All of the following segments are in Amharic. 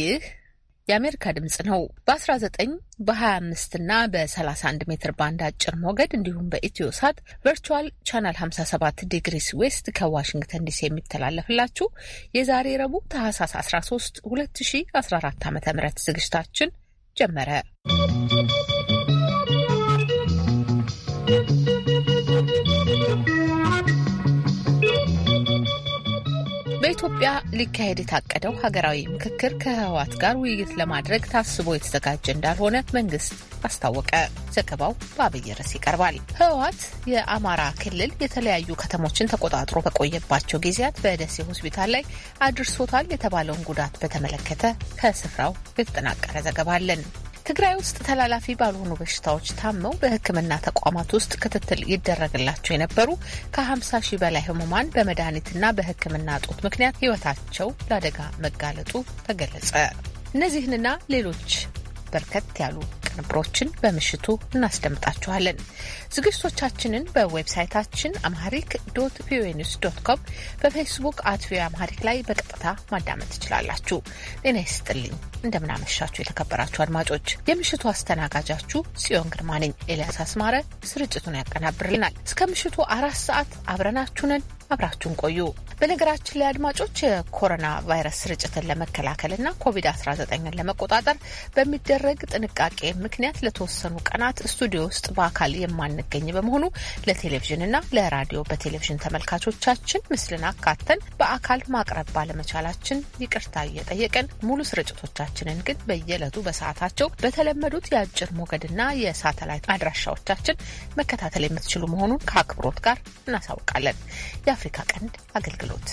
ይህ የአሜሪካ ድምጽ ነው። በ19 በ25 እና በ31 ሜትር ባንድ አጭር ሞገድ እንዲሁም በኢትዮ ሳት ቨርቹዋል ቻናል 57 ዲግሪስ ዌስት ከዋሽንግተን ዲሲ የሚተላለፍላችሁ የዛሬ ረቡዕ ታህሳስ 13 2014 ዓ ም ዝግጅታችን ጀመረ። በኢትዮጵያ ሊካሄድ የታቀደው ሀገራዊ ምክክር ከህወሓት ጋር ውይይት ለማድረግ ታስቦ የተዘጋጀ እንዳልሆነ መንግስት አስታወቀ። ዘገባው በአብይ ርዕስ ይቀርባል። ህወሓት የአማራ ክልል የተለያዩ ከተሞችን ተቆጣጥሮ በቆየባቸው ጊዜያት በደሴ ሆስፒታል ላይ አድርሶታል የተባለውን ጉዳት በተመለከተ ከስፍራው የተጠናቀረ ዘገባ አለን። ትግራይ ውስጥ ተላላፊ ባልሆኑ በሽታዎች ታመው በሕክምና ተቋማት ውስጥ ክትትል ይደረግላቸው የነበሩ ከ50 ሺህ በላይ ህሙማን በመድኃኒትና በሕክምና እጦት ምክንያት ህይወታቸው ለአደጋ መጋለጡ ተገለጸ። እነዚህንና ሌሎች በርከት ያሉ ቅንብሮችን በምሽቱ እናስደምጣችኋለን። ዝግጅቶቻችንን በዌብሳይታችን አምሃሪክ ዶት ቪኦኤ ኒውስ ዶት ኮም በፌስቡክ አት ቪኦኤ አምሃሪክ ላይ በቀጥታ ማዳመጥ ትችላላችሁ። ጤና ይስጥልኝ፣ እንደምናመሻችሁ የተከበራችሁ አድማጮች፣ የምሽቱ አስተናጋጃችሁ ጽዮን ግርማ ነኝ። ኤልያስ አስማረ ስርጭቱን ያቀናብርልናል። እስከ ምሽቱ አራት ሰዓት አብረናችሁ ነን። አብራችሁን ቆዩ። በነገራችን ላይ አድማጮች የኮሮና ቫይረስ ስርጭትን ለመከላከልና ኮቪድ-19ን ለመቆጣጠር በሚደረግ ጥንቃቄ ምክንያት ለተወሰኑ ቀናት ስቱዲዮ ውስጥ በአካል የማንገኝ በመሆኑ ለቴሌቪዥንና ለራዲዮ በቴሌቪዥን ተመልካቾቻችን ምስልን አካተን በአካል ማቅረብ ባለመቻላችን ይቅርታ እየጠየቅን ሙሉ ስርጭቶቻችንን ግን በየዕለቱ በሰዓታቸው በተለመዱት የአጭር ሞገድና የሳተላይት አድራሻዎቻችን መከታተል የምትችሉ መሆኑን ከአክብሮት ጋር እናሳውቃለን። የአፍሪካ ቀንድ አገልግሎት።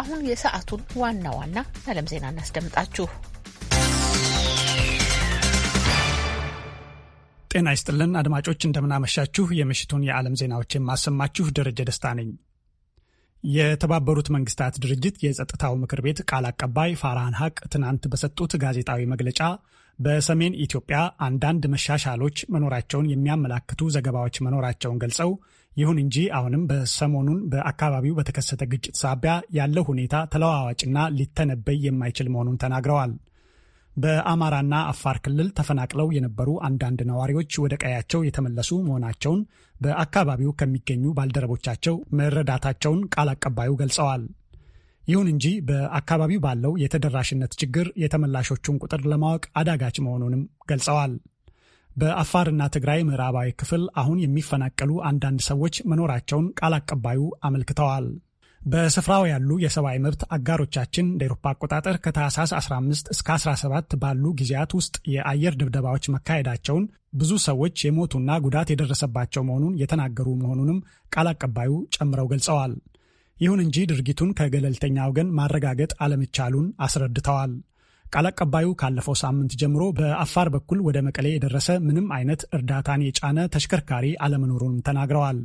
አሁን የሰዓቱን ዋና ዋና የዓለም ዜና እናስደምጣችሁ። ጤና ይስጥልን አድማጮች፣ እንደምናመሻችሁ። የምሽቱን የዓለም ዜናዎች የማሰማችሁ ደረጀ ደስታ ነኝ። የተባበሩት መንግስታት ድርጅት የጸጥታው ምክር ቤት ቃል አቀባይ ፋርሃን ሀቅ ትናንት በሰጡት ጋዜጣዊ መግለጫ በሰሜን ኢትዮጵያ አንዳንድ መሻሻሎች መኖራቸውን የሚያመላክቱ ዘገባዎች መኖራቸውን ገልጸው ይሁን እንጂ አሁንም በሰሞኑን በአካባቢው በተከሰተ ግጭት ሳቢያ ያለው ሁኔታ ተለዋዋጭና ሊተነበይ የማይችል መሆኑን ተናግረዋል። በአማራና አፋር ክልል ተፈናቅለው የነበሩ አንዳንድ ነዋሪዎች ወደ ቀያቸው የተመለሱ መሆናቸውን በአካባቢው ከሚገኙ ባልደረቦቻቸው መረዳታቸውን ቃል አቀባዩ ገልጸዋል። ይሁን እንጂ በአካባቢው ባለው የተደራሽነት ችግር የተመላሾቹን ቁጥር ለማወቅ አዳጋች መሆኑንም ገልጸዋል። በአፋርና ትግራይ ምዕራባዊ ክፍል አሁን የሚፈናቀሉ አንዳንድ ሰዎች መኖራቸውን ቃል አቀባዩ አመልክተዋል። በስፍራው ያሉ የሰብአዊ መብት አጋሮቻችን እንደ ኤሮፓ አቆጣጠር ከታህሳስ 15 እስከ 17 ባሉ ጊዜያት ውስጥ የአየር ድብደባዎች መካሄዳቸውን፣ ብዙ ሰዎች የሞቱና ጉዳት የደረሰባቸው መሆኑን የተናገሩ መሆኑንም ቃል አቀባዩ ጨምረው ገልጸዋል። ይሁን እንጂ ድርጊቱን ከገለልተኛ ወገን ማረጋገጥ አለመቻሉን አስረድተዋል። ቃል አቀባዩ ካለፈው ሳምንት ጀምሮ በአፋር በኩል ወደ መቀሌ የደረሰ ምንም አይነት እርዳታን የጫነ ተሽከርካሪ አለመኖሩንም ተናግረዋል።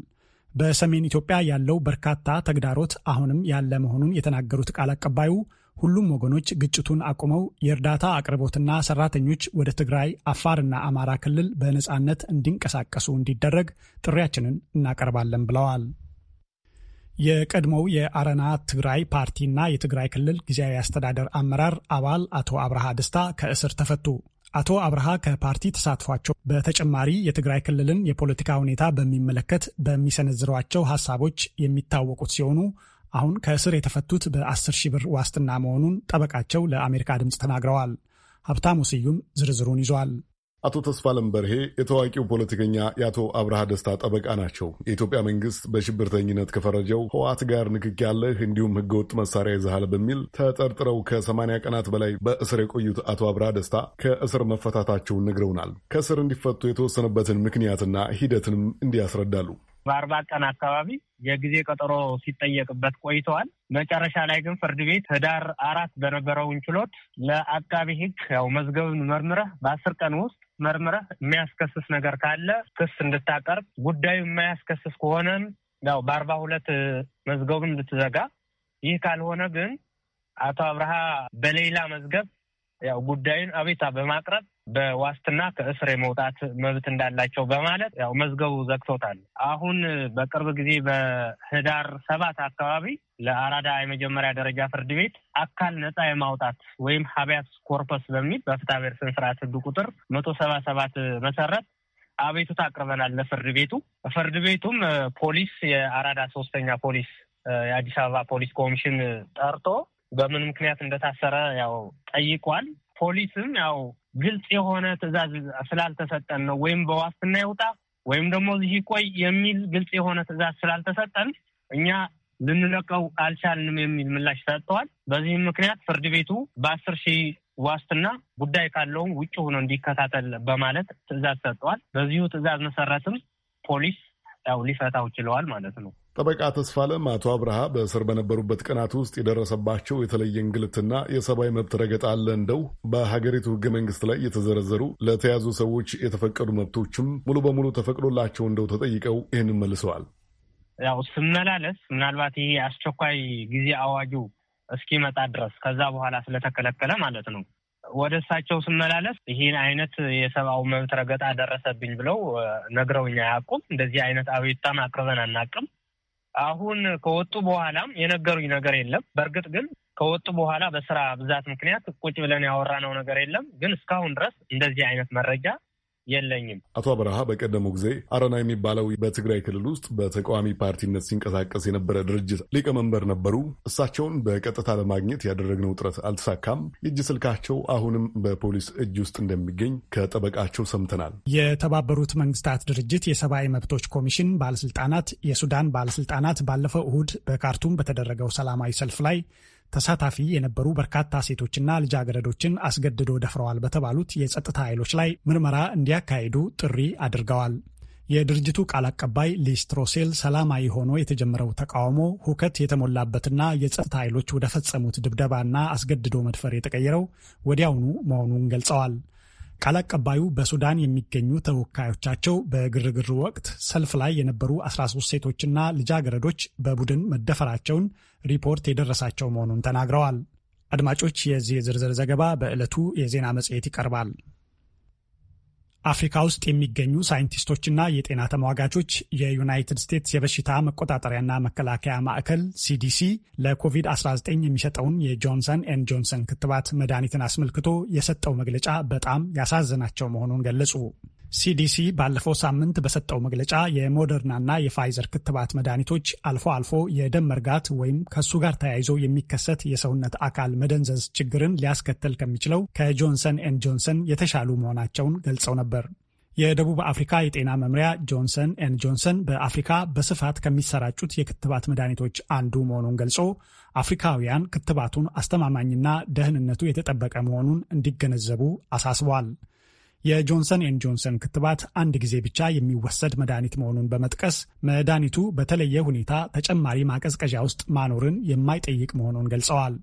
በሰሜን ኢትዮጵያ ያለው በርካታ ተግዳሮት አሁንም ያለ መሆኑን የተናገሩት ቃል አቀባዩ ሁሉም ወገኖች ግጭቱን አቁመው የእርዳታ አቅርቦትና ሰራተኞች ወደ ትግራይ፣ አፋርና አማራ ክልል በነፃነት እንዲንቀሳቀሱ እንዲደረግ ጥሪያችንን እናቀርባለን ብለዋል። የቀድሞው የአረና ትግራይ ፓርቲና የትግራይ ክልል ጊዜያዊ አስተዳደር አመራር አባል አቶ አብርሃ ደስታ ከእስር ተፈቱ። አቶ አብርሃ ከፓርቲ ተሳትፏቸው በተጨማሪ የትግራይ ክልልን የፖለቲካ ሁኔታ በሚመለከት በሚሰነዝሯቸው ሀሳቦች የሚታወቁት ሲሆኑ አሁን ከእስር የተፈቱት በ10 ሺህ ብር ዋስትና መሆኑን ጠበቃቸው ለአሜሪካ ድምፅ ተናግረዋል። ሀብታሙ ስዩም ዝርዝሩን ይዟል። አቶ ተስፋለም በርሄ የታዋቂው ፖለቲከኛ የአቶ አብርሃ ደስታ ጠበቃ ናቸው። የኢትዮጵያ መንግስት በሽብርተኝነት ከፈረጀው ህወሓት ጋር ንክኪ ያለህ እንዲሁም ህገወጥ መሳሪያ ይዘሃል በሚል ተጠርጥረው ከሰማንያ ቀናት በላይ በእስር የቆዩት አቶ አብርሃ ደስታ ከእስር መፈታታቸውን ነግረውናል። ከእስር እንዲፈቱ የተወሰነበትን ምክንያትና ሂደትንም እንዲያስረዳሉ በአርባ ቀን አካባቢ የጊዜ ቀጠሮ ሲጠየቅበት ቆይተዋል። መጨረሻ ላይ ግን ፍርድ ቤት ህዳር አራት በነበረውን ችሎት ለአቃቢ ህግ ያው መዝገብን መርምረህ በአስር ቀን ውስጥ መርምረህ የሚያስከስስ ነገር ካለ ክስ እንድታቀርብ ጉዳዩ የማያስከስስ ከሆነም ያው በአርባ ሁለት መዝገቡን እንድትዘጋ ይህ ካልሆነ ግን አቶ አብርሃ በሌላ መዝገብ ያው ጉዳዩን አቤታ በማቅረብ በዋስትና ከእስር የመውጣት መብት እንዳላቸው በማለት ያው መዝገቡ ዘግቶታል። አሁን በቅርብ ጊዜ በህዳር ሰባት አካባቢ ለአራዳ የመጀመሪያ ደረጃ ፍርድ ቤት አካል ነጻ የማውጣት ወይም ሀቢያስ ኮርፐስ በሚል በፍትሐ ስነ ስርዓት ህግ ቁጥር መቶ ሰባ ሰባት መሰረት አቤቱታ አቅርበናል ለፍርድ ቤቱ። ፍርድ ቤቱም ፖሊስ የአራዳ ሶስተኛ ፖሊስ የአዲስ አበባ ፖሊስ ኮሚሽን ጠርቶ በምን ምክንያት እንደታሰረ ያው ጠይቋል። ፖሊስም ያው ግልጽ የሆነ ትዕዛዝ ስላልተሰጠን ነው ወይም በዋስትና ይውጣ ወይም ደግሞ እዚህ ይቆይ የሚል ግልጽ የሆነ ትዕዛዝ ስላልተሰጠን እኛ ልንለቀው አልቻልንም የሚል ምላሽ ሰጥተዋል። በዚህም ምክንያት ፍርድ ቤቱ በአስር ሺህ ዋስትና ጉዳይ ካለውም ውጭ ሆኖ እንዲከታተል በማለት ትዕዛዝ ሰጥተዋል። በዚሁ ትዕዛዝ መሰረትም ፖሊስ ያው ሊፈታው ችለዋል ማለት ነው። ጠበቃ ተስፋለም አቶ አብርሃ በእስር በነበሩበት ቀናት ውስጥ የደረሰባቸው የተለየ እንግልትና የሰብአዊ መብት ረገጣ አለ እንደው በሀገሪቱ ህገ መንግስት ላይ የተዘረዘሩ ለተያዙ ሰዎች የተፈቀዱ መብቶችም ሙሉ በሙሉ ተፈቅዶላቸው እንደው ተጠይቀው ይህንን መልሰዋል። ያው ስመላለስ ምናልባት ይሄ አስቸኳይ ጊዜ አዋጁ እስኪመጣ ድረስ ከዛ በኋላ ስለተከለከለ ማለት ነው ወደ እሳቸው ስመላለስ ይህን አይነት የሰብአዊ መብት ረገጣ ደረሰብኝ ብለው ነግረውኝ አያውቁም። እንደዚህ አይነት አቤቱታም አቅርበን አናውቅም። አሁን ከወጡ በኋላም የነገሩኝ ነገር የለም። በእርግጥ ግን ከወጡ በኋላ በስራ ብዛት ምክንያት ቁጭ ብለን ያወራነው ነገር የለም። ግን እስካሁን ድረስ እንደዚህ አይነት መረጃ የለኝም። አቶ አበረሃ በቀደመው ጊዜ አረና የሚባለው በትግራይ ክልል ውስጥ በተቃዋሚ ፓርቲነት ሲንቀሳቀስ የነበረ ድርጅት ሊቀመንበር ነበሩ። እሳቸውን በቀጥታ ለማግኘት ያደረግነው ጥረት አልተሳካም። የእጅ ስልካቸው አሁንም በፖሊስ እጅ ውስጥ እንደሚገኝ ከጠበቃቸው ሰምተናል። የተባበሩት መንግስታት ድርጅት የሰብአዊ መብቶች ኮሚሽን ባለስልጣናት የሱዳን ባለስልጣናት ባለፈው እሁድ በካርቱም በተደረገው ሰላማዊ ሰልፍ ላይ ተሳታፊ የነበሩ በርካታ ሴቶችና ልጃገረዶችን አስገድዶ ደፍረዋል በተባሉት የጸጥታ ኃይሎች ላይ ምርመራ እንዲያካሂዱ ጥሪ አድርገዋል። የድርጅቱ ቃል አቀባይ ሊስትሮሴል ሰላማዊ ሆኖ የተጀመረው ተቃውሞ ሁከት የተሞላበትና የጸጥታ ኃይሎች ወደ ፈጸሙት ድብደባና አስገድዶ መድፈር የተቀየረው ወዲያውኑ መሆኑን ገልጸዋል። ቃል አቀባዩ በሱዳን የሚገኙ ተወካዮቻቸው በግርግር ወቅት ሰልፍ ላይ የነበሩ 13 ሴቶችና ልጃገረዶች በቡድን መደፈራቸውን ሪፖርት የደረሳቸው መሆኑን ተናግረዋል። አድማጮች፣ የዚህ ዝርዝር ዘገባ በዕለቱ የዜና መጽሔት ይቀርባል። አፍሪካ ውስጥ የሚገኙ ሳይንቲስቶችና የጤና ተሟጋቾች የዩናይትድ ስቴትስ የበሽታ መቆጣጠሪያና መከላከያ ማዕከል ሲዲሲ ለኮቪድ-19 የሚሰጠውን የጆንሰን ኤንድ ጆንሰን ክትባት መድኃኒትን አስመልክቶ የሰጠው መግለጫ በጣም ያሳዘናቸው መሆኑን ገለጹ። ሲዲሲ ባለፈው ሳምንት በሰጠው መግለጫ የሞደርናና የፋይዘር ክትባት መድኃኒቶች አልፎ አልፎ የደም መርጋት ወይም ከእሱ ጋር ተያይዞ የሚከሰት የሰውነት አካል መደንዘዝ ችግርን ሊያስከተል ከሚችለው ከጆንሰን ኤንድ ጆንሰን የተሻሉ መሆናቸውን ገልጸው ነበር። የደቡብ አፍሪካ የጤና መምሪያ ጆንሰን ኤንድ ጆንሰን በአፍሪካ በስፋት ከሚሰራጩት የክትባት መድኃኒቶች አንዱ መሆኑን ገልጾ አፍሪካውያን ክትባቱን አስተማማኝና ደህንነቱ የተጠበቀ መሆኑን እንዲገነዘቡ አሳስበዋል። የጆንሰን ኤን ጆንሰን ክትባት አንድ ጊዜ ብቻ የሚወሰድ መድኃኒት መሆኑን በመጥቀስ መድኃኒቱ በተለየ ሁኔታ ተጨማሪ ማቀዝቀዣ ውስጥ ማኖርን የማይጠይቅ መሆኑን ገልጸዋል።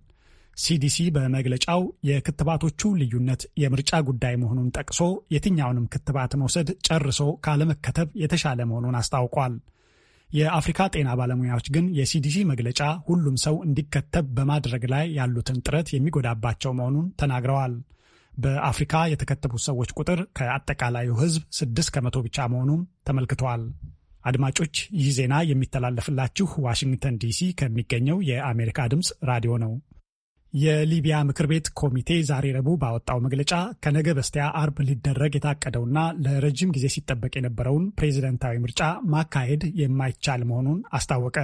ሲዲሲ በመግለጫው የክትባቶቹ ልዩነት የምርጫ ጉዳይ መሆኑን ጠቅሶ የትኛውንም ክትባት መውሰድ ጨርሶ ካለመከተብ የተሻለ መሆኑን አስታውቋል። የአፍሪካ ጤና ባለሙያዎች ግን የሲዲሲ መግለጫ ሁሉም ሰው እንዲከተብ በማድረግ ላይ ያሉትን ጥረት የሚጎዳባቸው መሆኑን ተናግረዋል። በአፍሪካ የተከተቡ ሰዎች ቁጥር ከአጠቃላዩ ሕዝብ ስድስት ከመቶ ብቻ መሆኑም ተመልክተዋል። አድማጮች ይህ ዜና የሚተላለፍላችሁ ዋሽንግተን ዲሲ ከሚገኘው የአሜሪካ ድምፅ ራዲዮ ነው። የሊቢያ ምክር ቤት ኮሚቴ ዛሬ ረቡዕ ባወጣው መግለጫ ከነገ በስቲያ አርብ ሊደረግ የታቀደውና ለረጅም ጊዜ ሲጠበቅ የነበረውን ፕሬዝደንታዊ ምርጫ ማካሄድ የማይቻል መሆኑን አስታወቀ።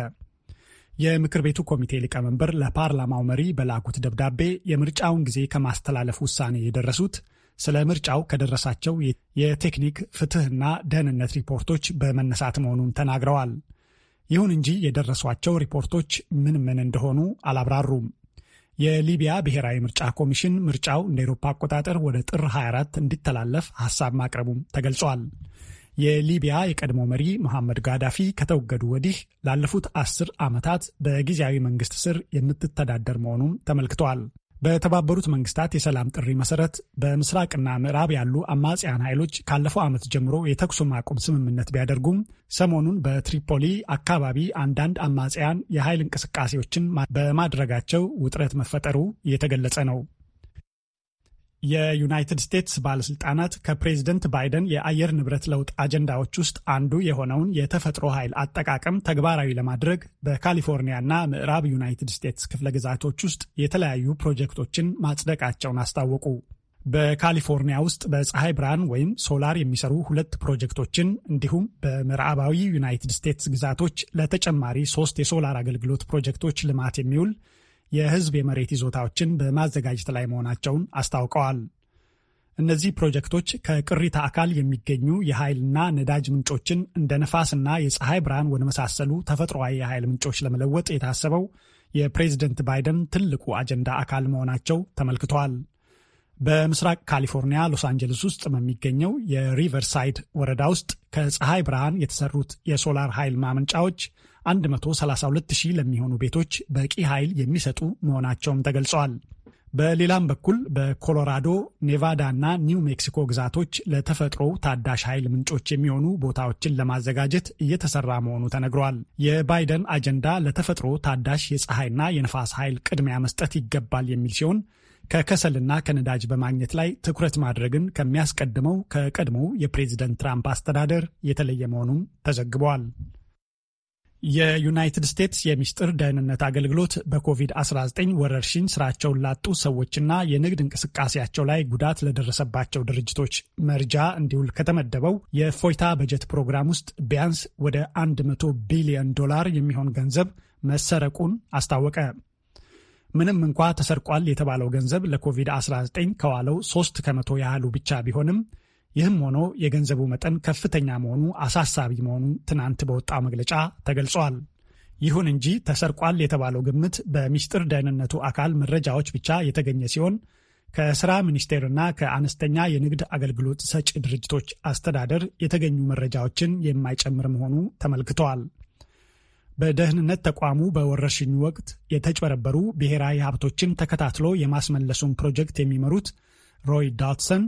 የምክር ቤቱ ኮሚቴ ሊቀመንበር ለፓርላማው መሪ በላኩት ደብዳቤ የምርጫውን ጊዜ ከማስተላለፍ ውሳኔ የደረሱት ስለ ምርጫው ከደረሳቸው የቴክኒክ ፍትህና ደህንነት ሪፖርቶች በመነሳት መሆኑን ተናግረዋል። ይሁን እንጂ የደረሷቸው ሪፖርቶች ምን ምን እንደሆኑ አላብራሩም። የሊቢያ ብሔራዊ ምርጫ ኮሚሽን ምርጫው እንደ ኤሮፓ አቆጣጠር ወደ ጥር 24 እንዲተላለፍ ሐሳብ ማቅረቡም ተገልጿል። የሊቢያ የቀድሞ መሪ መሐመድ ጋዳፊ ከተወገዱ ወዲህ ላለፉት አስር ዓመታት በጊዜያዊ መንግስት ስር የምትተዳደር መሆኑም ተመልክተዋል። በተባበሩት መንግስታት የሰላም ጥሪ መሰረት በምስራቅና ምዕራብ ያሉ አማጽያን ኃይሎች ካለፈው ዓመት ጀምሮ የተኩስ ማቆም ስምምነት ቢያደርጉም ሰሞኑን በትሪፖሊ አካባቢ አንዳንድ አማጽያን የኃይል እንቅስቃሴዎችን በማድረጋቸው ውጥረት መፈጠሩ እየተገለጸ ነው። የዩናይትድ ስቴትስ ባለስልጣናት ከፕሬዝደንት ባይደን የአየር ንብረት ለውጥ አጀንዳዎች ውስጥ አንዱ የሆነውን የተፈጥሮ ኃይል አጠቃቀም ተግባራዊ ለማድረግ በካሊፎርኒያና ምዕራብ ዩናይትድ ስቴትስ ክፍለ ግዛቶች ውስጥ የተለያዩ ፕሮጀክቶችን ማጽደቃቸውን አስታወቁ። በካሊፎርኒያ ውስጥ በፀሐይ ብርሃን ወይም ሶላር የሚሰሩ ሁለት ፕሮጀክቶችን እንዲሁም በምዕራባዊ ዩናይትድ ስቴትስ ግዛቶች ለተጨማሪ ሶስት የሶላር አገልግሎት ፕሮጀክቶች ልማት የሚውል የህዝብ የመሬት ይዞታዎችን በማዘጋጀት ላይ መሆናቸውን አስታውቀዋል። እነዚህ ፕሮጀክቶች ከቅሪተ አካል የሚገኙ የኃይልና ነዳጅ ምንጮችን እንደ ነፋስና የፀሐይ ብርሃን ወደ መሳሰሉ ተፈጥሯዊ የኃይል ምንጮች ለመለወጥ የታሰበው የፕሬዝደንት ባይደን ትልቁ አጀንዳ አካል መሆናቸው ተመልክቷል። በምስራቅ ካሊፎርኒያ ሎስ አንጀለስ ውስጥ በሚገኘው የሪቨርሳይድ ወረዳ ውስጥ ከፀሐይ ብርሃን የተሰሩት የሶላር ኃይል ማመንጫዎች 132 ሺህ ለሚሆኑ ቤቶች በቂ ኃይል የሚሰጡ መሆናቸውም ተገልጸዋል። በሌላም በኩል በኮሎራዶ፣ ኔቫዳ እና ኒው ሜክሲኮ ግዛቶች ለተፈጥሮ ታዳሽ ኃይል ምንጮች የሚሆኑ ቦታዎችን ለማዘጋጀት እየተሰራ መሆኑ ተነግሯል። የባይደን አጀንዳ ለተፈጥሮ ታዳሽ የፀሐይና የነፋስ ኃይል ቅድሚያ መስጠት ይገባል የሚል ሲሆን ከከሰልና ከነዳጅ በማግኘት ላይ ትኩረት ማድረግን ከሚያስቀድመው ከቀድሞው የፕሬዚደንት ትራምፕ አስተዳደር የተለየ መሆኑም ተዘግቧል። የዩናይትድ ስቴትስ የሚስጥር ደህንነት አገልግሎት በኮቪድ-19 ወረርሽኝ ስራቸውን ላጡ ሰዎችና የንግድ እንቅስቃሴያቸው ላይ ጉዳት ለደረሰባቸው ድርጅቶች መርጃ እንዲውል ከተመደበው የእፎይታ በጀት ፕሮግራም ውስጥ ቢያንስ ወደ 100 ቢሊዮን ዶላር የሚሆን ገንዘብ መሰረቁን አስታወቀ። ምንም እንኳ ተሰርቋል የተባለው ገንዘብ ለኮቪድ-19 ከዋለው 3 ከመቶ ያህሉ ብቻ ቢሆንም ይህም ሆኖ የገንዘቡ መጠን ከፍተኛ መሆኑ አሳሳቢ መሆኑ ትናንት በወጣው መግለጫ ተገልጿል። ይሁን እንጂ ተሰርቋል የተባለው ግምት በሚስጥር ደህንነቱ አካል መረጃዎች ብቻ የተገኘ ሲሆን ከስራ ሚኒስቴርና ከአነስተኛ የንግድ አገልግሎት ሰጪ ድርጅቶች አስተዳደር የተገኙ መረጃዎችን የማይጨምር መሆኑ ተመልክተዋል። በደህንነት ተቋሙ በወረርሽኙ ወቅት የተጭበረበሩ ብሔራዊ ሀብቶችን ተከታትሎ የማስመለሱን ፕሮጀክት የሚመሩት ሮይ ዳትሰን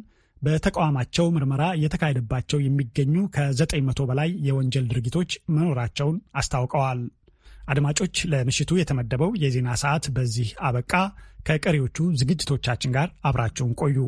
በተቋማቸው ምርመራ እየተካሄደባቸው የሚገኙ ከዘጠኝ መቶ በላይ የወንጀል ድርጊቶች መኖራቸውን አስታውቀዋል። አድማጮች፣ ለምሽቱ የተመደበው የዜና ሰዓት በዚህ አበቃ። ከቀሪዎቹ ዝግጅቶቻችን ጋር አብራችሁን ቆዩ።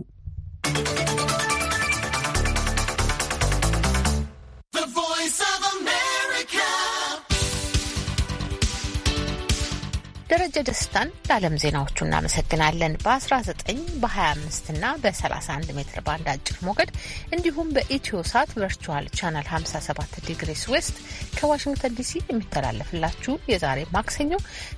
ደረጀ ደስታን ለዓለም ዜናዎቹ እናመሰግናለን። በ19 በ25 እና በ31 ሜትር ባንድ አጭር ሞገድ እንዲሁም በኢትዮ ሳት ቨርቹዋል ቻናል 57 ዲግሪስ ዌስት ከዋሽንግተን ዲሲ የሚተላለፍላችሁ የዛሬ ማክሰኞ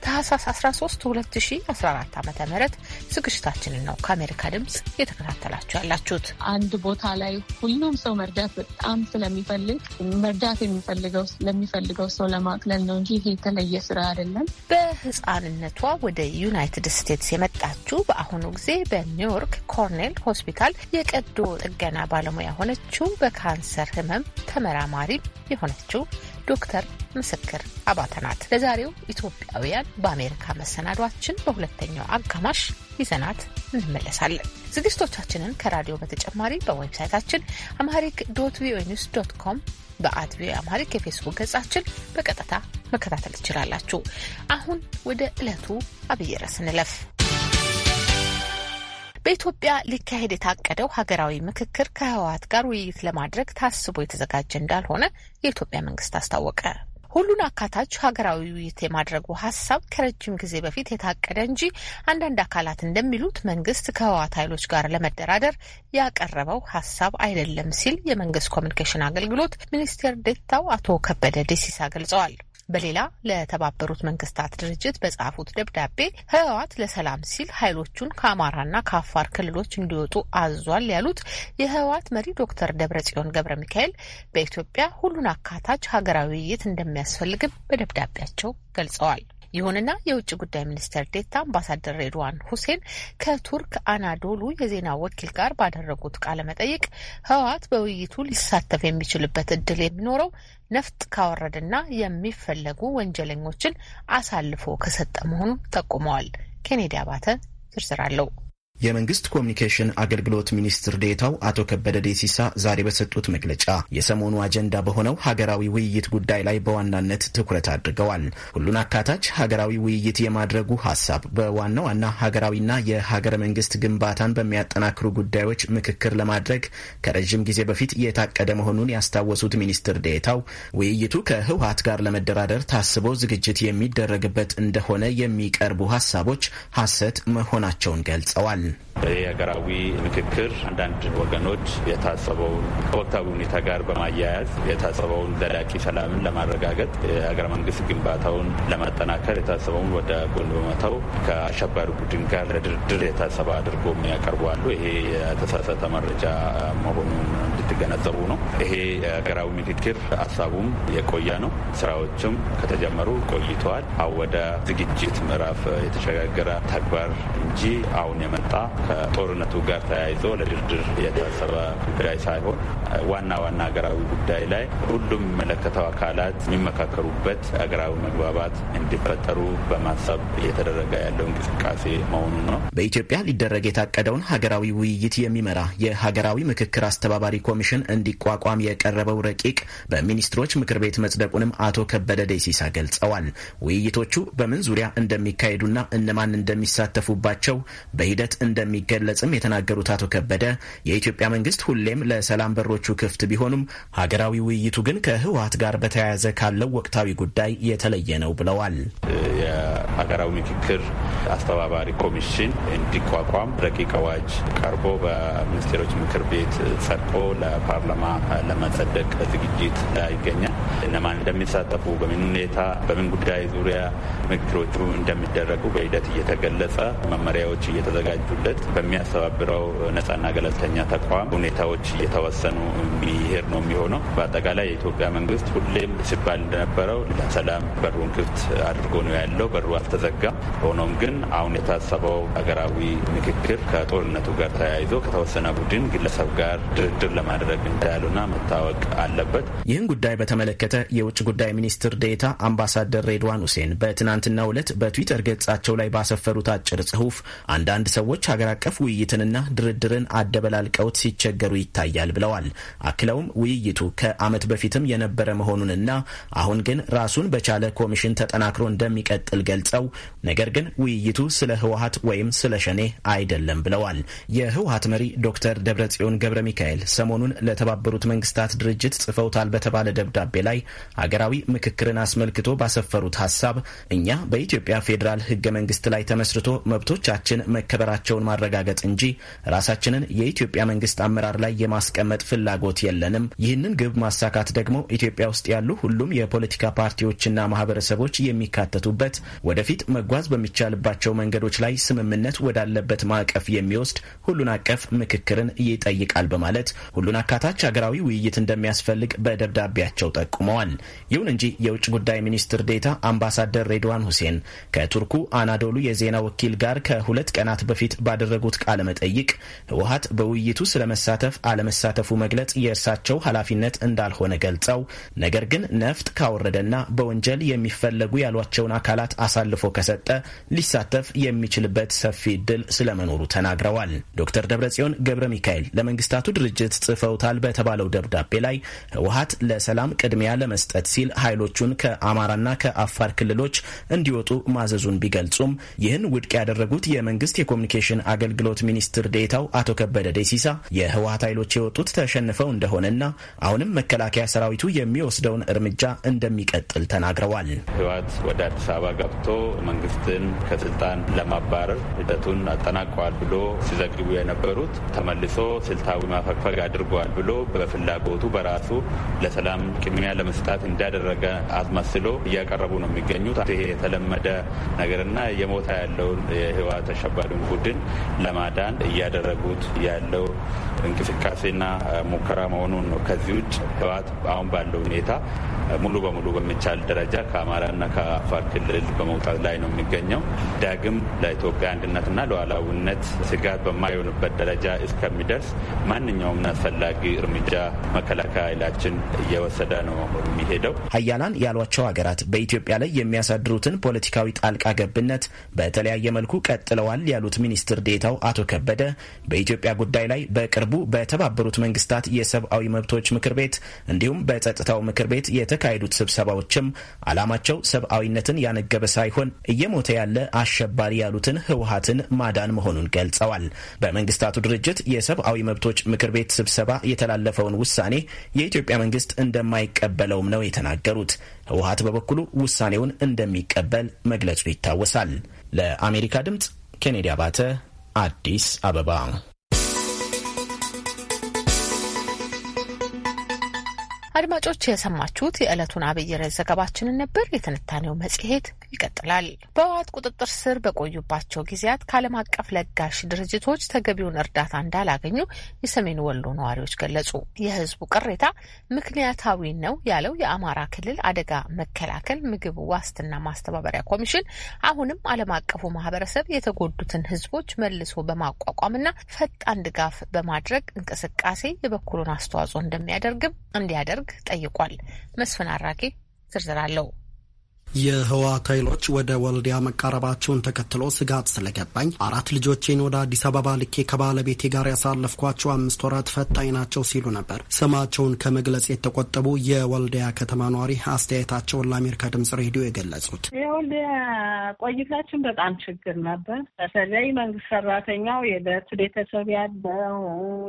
ታህሳስ 13 2014 ዓ ም ዝግጅታችንን ነው ከአሜሪካ ድምፅ እየተከታተላችሁ ያላችሁት። አንድ ቦታ ላይ ሁሉም ሰው መርዳት በጣም ስለሚፈልግ መርዳት የሚፈልገው ለሚፈልገው ሰው ለማቅለል ነው እንጂ ይሄ የተለየ ስራ አይደለም። በህፃን በህፃንነቷ ወደ ዩናይትድ ስቴትስ የመጣችው በአሁኑ ጊዜ በኒውዮርክ ኮርኔል ሆስፒታል የቀዶ ጥገና ባለሙያ ሆነችው በካንሰር ህመም ተመራማሪ የሆነችው ዶክተር ምስክር አባተ ናት። ለዛሬው ኢትዮጵያውያን በአሜሪካ መሰናዷችን በሁለተኛው አጋማሽ ይዘናት እንመለሳለን። ዝግጅቶቻችንን ከራዲዮ በተጨማሪ በዌብሳይታችን አማሪክ ዶት ቪኦኤ ኒውስ ዶት ኮም በአት ቪኦኤ አምሃሪክ የፌስቡክ ገጻችን በቀጥታ መከታተል ትችላላችሁ። አሁን ወደ ዕለቱ አብይ ርዕስ እንለፍ። በኢትዮጵያ ሊካሄድ የታቀደው ሀገራዊ ምክክር ከህወሀት ጋር ውይይት ለማድረግ ታስቦ የተዘጋጀ እንዳልሆነ የኢትዮጵያ መንግስት አስታወቀ። ሁሉን አካታች ሀገራዊ ውይይት የማድረጉ ሀሳብ ከረጅም ጊዜ በፊት የታቀደ እንጂ አንዳንድ አካላት እንደሚሉት መንግስት ከህወሓት ኃይሎች ጋር ለመደራደር ያቀረበው ሀሳብ አይደለም ሲል የመንግስት ኮሚኒኬሽን አገልግሎት ሚኒስቴር ዴታው አቶ ከበደ ደሲሳ ገልጸዋል። በሌላ ለተባበሩት መንግስታት ድርጅት በጻፉት ደብዳቤ ህወሓት ለሰላም ሲል ኃይሎቹን ከአማራና ከአፋር ክልሎች እንዲወጡ አዟል ያሉት የህወሓት መሪ ዶክተር ደብረጽዮን ገብረ ሚካኤል በኢትዮጵያ ሁሉን አካታች ሀገራዊ ውይይት እንደሚያስፈልግም በደብዳቤያቸው ገልጸዋል። ይሁንና የውጭ ጉዳይ ሚኒስትር ዴታ አምባሳደር ሬድዋን ሁሴን ከቱርክ አናዶሉ የዜና ወኪል ጋር ባደረጉት ቃለ መጠይቅ ህወሓት በውይይቱ ሊሳተፍ የሚችልበት እድል የሚኖረው ነፍጥ ካወረደና የሚፈለጉ ወንጀለኞችን አሳልፎ ከሰጠ መሆኑን ጠቁመዋል። ኬኔዲ አባተ ዝርዝር አለው። የመንግስት ኮሚኒኬሽን አገልግሎት ሚኒስትር ዴታው አቶ ከበደ ዴሲሳ ዛሬ በሰጡት መግለጫ የሰሞኑ አጀንዳ በሆነው ሀገራዊ ውይይት ጉዳይ ላይ በዋናነት ትኩረት አድርገዋል። ሁሉን አካታች ሀገራዊ ውይይት የማድረጉ ሀሳብ በዋና ዋና ሀገራዊና የሀገረ መንግስት ግንባታን በሚያጠናክሩ ጉዳዮች ምክክር ለማድረግ ከረዥም ጊዜ በፊት የታቀደ መሆኑን ያስታወሱት ሚኒስትር ዴታው ውይይቱ ከህወሀት ጋር ለመደራደር ታስቦ ዝግጅት የሚደረግበት እንደሆነ የሚቀርቡ ሀሳቦች ሀሰት መሆናቸውን ገልጸዋል። የሀገራዊ ምክክር አንዳንድ ወገኖች የታሰበውን ከወቅታዊ ሁኔታ ጋር በማያያዝ የታሰበውን ዘላቂ ሰላምን ለማረጋገጥ የሀገረ መንግስት ግንባታውን ለማጠናከር የታሰበውን ወደ ጎን በመተው ከአሸባሪ ቡድን ጋር ለድርድር የታሰበ አድርጎ ያቀርባሉ። ይሄ የተሳሳተ መረጃ መሆኑን እየተገነዘቡ ነው። ይሄ የሀገራዊ ምክክር ሀሳቡም የቆየ ነው። ስራዎችም ከተጀመሩ ቆይተዋል። አወደ ዝግጅት ምዕራፍ የተሸጋገረ ተግባር እንጂ አሁን የመጣ ከጦርነቱ ጋር ተያይዞ ለድርድር የታሰበ ጉዳይ ሳይሆን ዋና ዋና ሀገራዊ ጉዳይ ላይ ሁሉም የሚመለከተው አካላት የሚመካከሩበት ሀገራዊ መግባባት እንዲፈጠሩ በማሰብ እየተደረገ ያለው እንቅስቃሴ መሆኑን ነው። በኢትዮጵያ ሊደረግ የታቀደውን ሀገራዊ ውይይት የሚመራ የሀገራዊ ምክክር አስተባባሪ ኮሚሽን ኮሚሽን እንዲቋቋም የቀረበው ረቂቅ በሚኒስትሮች ምክር ቤት መጽደቁንም አቶ ከበደ ደሲሳ ገልጸዋል። ውይይቶቹ በምን ዙሪያ እንደሚካሄዱና እነማን እንደሚሳተፉባቸው በሂደት እንደሚገለጽም የተናገሩት አቶ ከበደ የኢትዮጵያ መንግስት ሁሌም ለሰላም በሮቹ ክፍት ቢሆኑም ሀገራዊ ውይይቱ ግን ከህወሀት ጋር በተያያዘ ካለው ወቅታዊ ጉዳይ የተለየ ነው ብለዋል። የሀገራዊ ምክክር አስተባባሪ ኮሚሽን እንዲቋቋም ረቂቅ አዋጅ ቀርቦ በሚኒስቴሮች ምክር ቤት ጸድቆ ለፓርላማ ለመጸደቅ ዝግጅት ይገኛል። እነማን እንደሚሳተፉ፣ በምን ሁኔታ፣ በምን ጉዳይ ዙሪያ ምክክሮቹ እንደሚደረጉ በሂደት እየተገለጸ መመሪያዎች እየተዘጋጁለት በሚያስተባብረው ነጻና ገለልተኛ ተቋም ሁኔታዎች እየተወሰኑ የሚሄድ ነው የሚሆነው። በአጠቃላይ የኢትዮጵያ መንግስት ሁሌም ሲባል እንደነበረው ለሰላም በሩን ክፍት አድርጎ ነው ያለው። በሩ አልተዘጋም። ሆኖም ግን አሁን የታሰበው ሀገራዊ ምክክር ከጦርነቱ ጋር ተያይዞ ከተወሰነ ቡድን ግለሰብ ጋር ድርድር ለማ ማድረግ እንዳሉና መታወቅ አለበት። ይህን ጉዳይ በተመለከተ የውጭ ጉዳይ ሚኒስትር ዴታ አምባሳደር ሬድዋን ሁሴን በትናንትናው ዕለት በትዊተር ገጻቸው ላይ ባሰፈሩት አጭር ጽሁፍ አንዳንድ ሰዎች ሀገር አቀፍ ውይይትንና ድርድርን አደበላልቀውት ሲቸገሩ ይታያል ብለዋል። አክለውም ውይይቱ ከዓመት በፊትም የነበረ መሆኑንና አሁን ግን ራሱን በቻለ ኮሚሽን ተጠናክሮ እንደሚቀጥል ገልጸው ነገር ግን ውይይቱ ስለ ህወሀት ወይም ስለ ሸኔ አይደለም ብለዋል። የህወሀት መሪ ዶክተር ደብረጽዮን ገብረ ሚካኤል ሰሞኑ መሆኑን ለተባበሩት መንግስታት ድርጅት ጽፈውታል በተባለ ደብዳቤ ላይ ሀገራዊ ምክክርን አስመልክቶ ባሰፈሩት ሀሳብ እኛ በኢትዮጵያ ፌዴራል ህገ መንግስት ላይ ተመስርቶ መብቶቻችን መከበራቸውን ማረጋገጥ እንጂ ራሳችንን የኢትዮጵያ መንግስት አመራር ላይ የማስቀመጥ ፍላጎት የለንም። ይህንን ግብ ማሳካት ደግሞ ኢትዮጵያ ውስጥ ያሉ ሁሉም የፖለቲካ ፓርቲዎችና ማህበረሰቦች የሚካተቱበት ወደፊት መጓዝ በሚቻልባቸው መንገዶች ላይ ስምምነት ወዳለበት ማዕቀፍ የሚወስድ ሁሉን አቀፍ ምክክርን ይጠይቃል በማለት ሁሉን ሁሉን አካታች ሀገራዊ ውይይት እንደሚያስፈልግ በደብዳቤያቸው ጠቁመዋል። ይሁን እንጂ የውጭ ጉዳይ ሚኒስትር ዴታ አምባሳደር ሬድዋን ሁሴን ከቱርኩ አናዶሉ የዜና ወኪል ጋር ከሁለት ቀናት በፊት ባደረጉት ቃለ መጠይቅ ህወሀት በውይይቱ ስለመሳተፍ አለመሳተፉ መግለጽ የእርሳቸው ኃላፊነት እንዳልሆነ ገልጸው ነገር ግን ነፍጥ ካወረደና በወንጀል የሚፈለጉ ያሏቸውን አካላት አሳልፎ ከሰጠ ሊሳተፍ የሚችልበት ሰፊ እድል ስለመኖሩ ተናግረዋል። ዶክተር ደብረጽዮን ገብረ ሚካኤል ለመንግስታቱ ድርጅት ጽፈ አሳልፈውታል በተባለው ደብዳቤ ላይ ህወሀት ለሰላም ቅድሚያ ለመስጠት ሲል ኃይሎቹን ከአማራና ከአፋር ክልሎች እንዲወጡ ማዘዙን ቢገልጹም ይህን ውድቅ ያደረጉት የመንግስት የኮሚኒኬሽን አገልግሎት ሚኒስትር ዴታው አቶ ከበደ ደሲሳ የህወሀት ኃይሎች የወጡት ተሸንፈው እንደሆነና አሁንም መከላከያ ሰራዊቱ የሚወስደውን እርምጃ እንደሚቀጥል ተናግረዋል። ህወሀት ወደ አዲስ አበባ ገብቶ መንግስትን ከስልጣን ለማባረር ሂደቱን አጠናቀዋል ብሎ ሲዘግቡ የነበሩት ተመልሶ ስልታዊ ማፈግፈግ አድርጎ ያደርገዋል ብሎ በፍላጎቱ በራሱ ለሰላም ቅድሚያ ለመስጣት እንዳደረገ አስመስሎ እያቀረቡ ነው የሚገኙት። ይሄ የተለመደ ነገርና የሞታ ያለውን የህወሓት አሸባሪውን ቡድን ለማዳን እያደረጉት ያለው እንቅስቃሴና ሙከራ መሆኑን ነው። ከዚህ ውጭ ህወሓት አሁን ባለው ሁኔታ ሙሉ በሙሉ በሚቻል ደረጃ ከአማራና ከአፋር ክልል በመውጣት ላይ ነው የሚገኘው። ዳግም ለኢትዮጵያ አንድነትና ለዋላዊነት ስጋት በማይሆንበት ደረጃ እስከሚደርስ ማንኛውም አስፈላጊ አስፈላጊ እርምጃ መከላከያ ኃይላችን እየወሰደ ነው የሚሄደው። ሀያላን ያሏቸው ሀገራት በኢትዮጵያ ላይ የሚያሳድሩትን ፖለቲካዊ ጣልቃ ገብነት በተለያየ መልኩ ቀጥለዋል ያሉት ሚኒስትር ዴታው አቶ ከበደ በኢትዮጵያ ጉዳይ ላይ በቅርቡ በተባበሩት መንግስታት የሰብአዊ መብቶች ምክር ቤት እንዲሁም በጸጥታው ምክር ቤት የተካሄዱት ስብሰባዎችም አላማቸው ሰብአዊነትን ያነገበ ሳይሆን እየሞተ ያለ አሸባሪ ያሉትን ህወሀትን ማዳን መሆኑን ገልጸዋል። በመንግስታቱ ድርጅት የሰብአዊ መብቶች ምክር ቤት ስብሰባ የተላለፈውን ውሳኔ የኢትዮጵያ መንግስት እንደማይቀበለውም ነው የተናገሩት። ህወሀት በበኩሉ ውሳኔውን እንደሚቀበል መግለጹ ይታወሳል። ለአሜሪካ ድምፅ ኬኔዲ አባተ አዲስ አበባ አድማጮች የሰማችሁት የዕለቱን አብይ ርዕስ ዘገባችንን ነበር። የትንታኔው መጽሔት ይቀጥላል። በህወሓት ቁጥጥር ስር በቆዩባቸው ጊዜያት ከዓለም አቀፍ ለጋሽ ድርጅቶች ተገቢውን እርዳታ እንዳላገኙ የሰሜን ወሎ ነዋሪዎች ገለጹ። የህዝቡ ቅሬታ ምክንያታዊ ነው ያለው የአማራ ክልል አደጋ መከላከል ምግብ ዋስትና ማስተባበሪያ ኮሚሽን አሁንም ዓለም አቀፉ ማህበረሰብ የተጎዱትን ህዝቦች መልሶ በማቋቋምና ፈጣን ድጋፍ በማድረግ እንቅስቃሴ የበኩሉን አስተዋጽኦ እንደሚያደርግም እንዲያደርግ እንዲደረግ ጠይቋል። መስፍን አራጌ ዝርዝር አለው። የህወሓት ኃይሎች ወደ ወልዲያ መቃረባቸውን ተከትሎ ስጋት ስለገባኝ አራት ልጆቼን ወደ አዲስ አበባ ልኬ ከባለቤቴ ጋር ያሳለፍኳቸው አምስት ወራት ፈታኝ ናቸው ሲሉ ነበር ስማቸውን ከመግለጽ የተቆጠቡ የወልዲያ ከተማ ነዋሪ አስተያየታቸውን ለአሜሪካ ድምጽ ሬዲዮ የገለጹት የወልዲያ ቆይታችን በጣም ችግር ነበር። በተለይ መንግስት ሰራተኛው የዕለት ቤተሰብ ያለው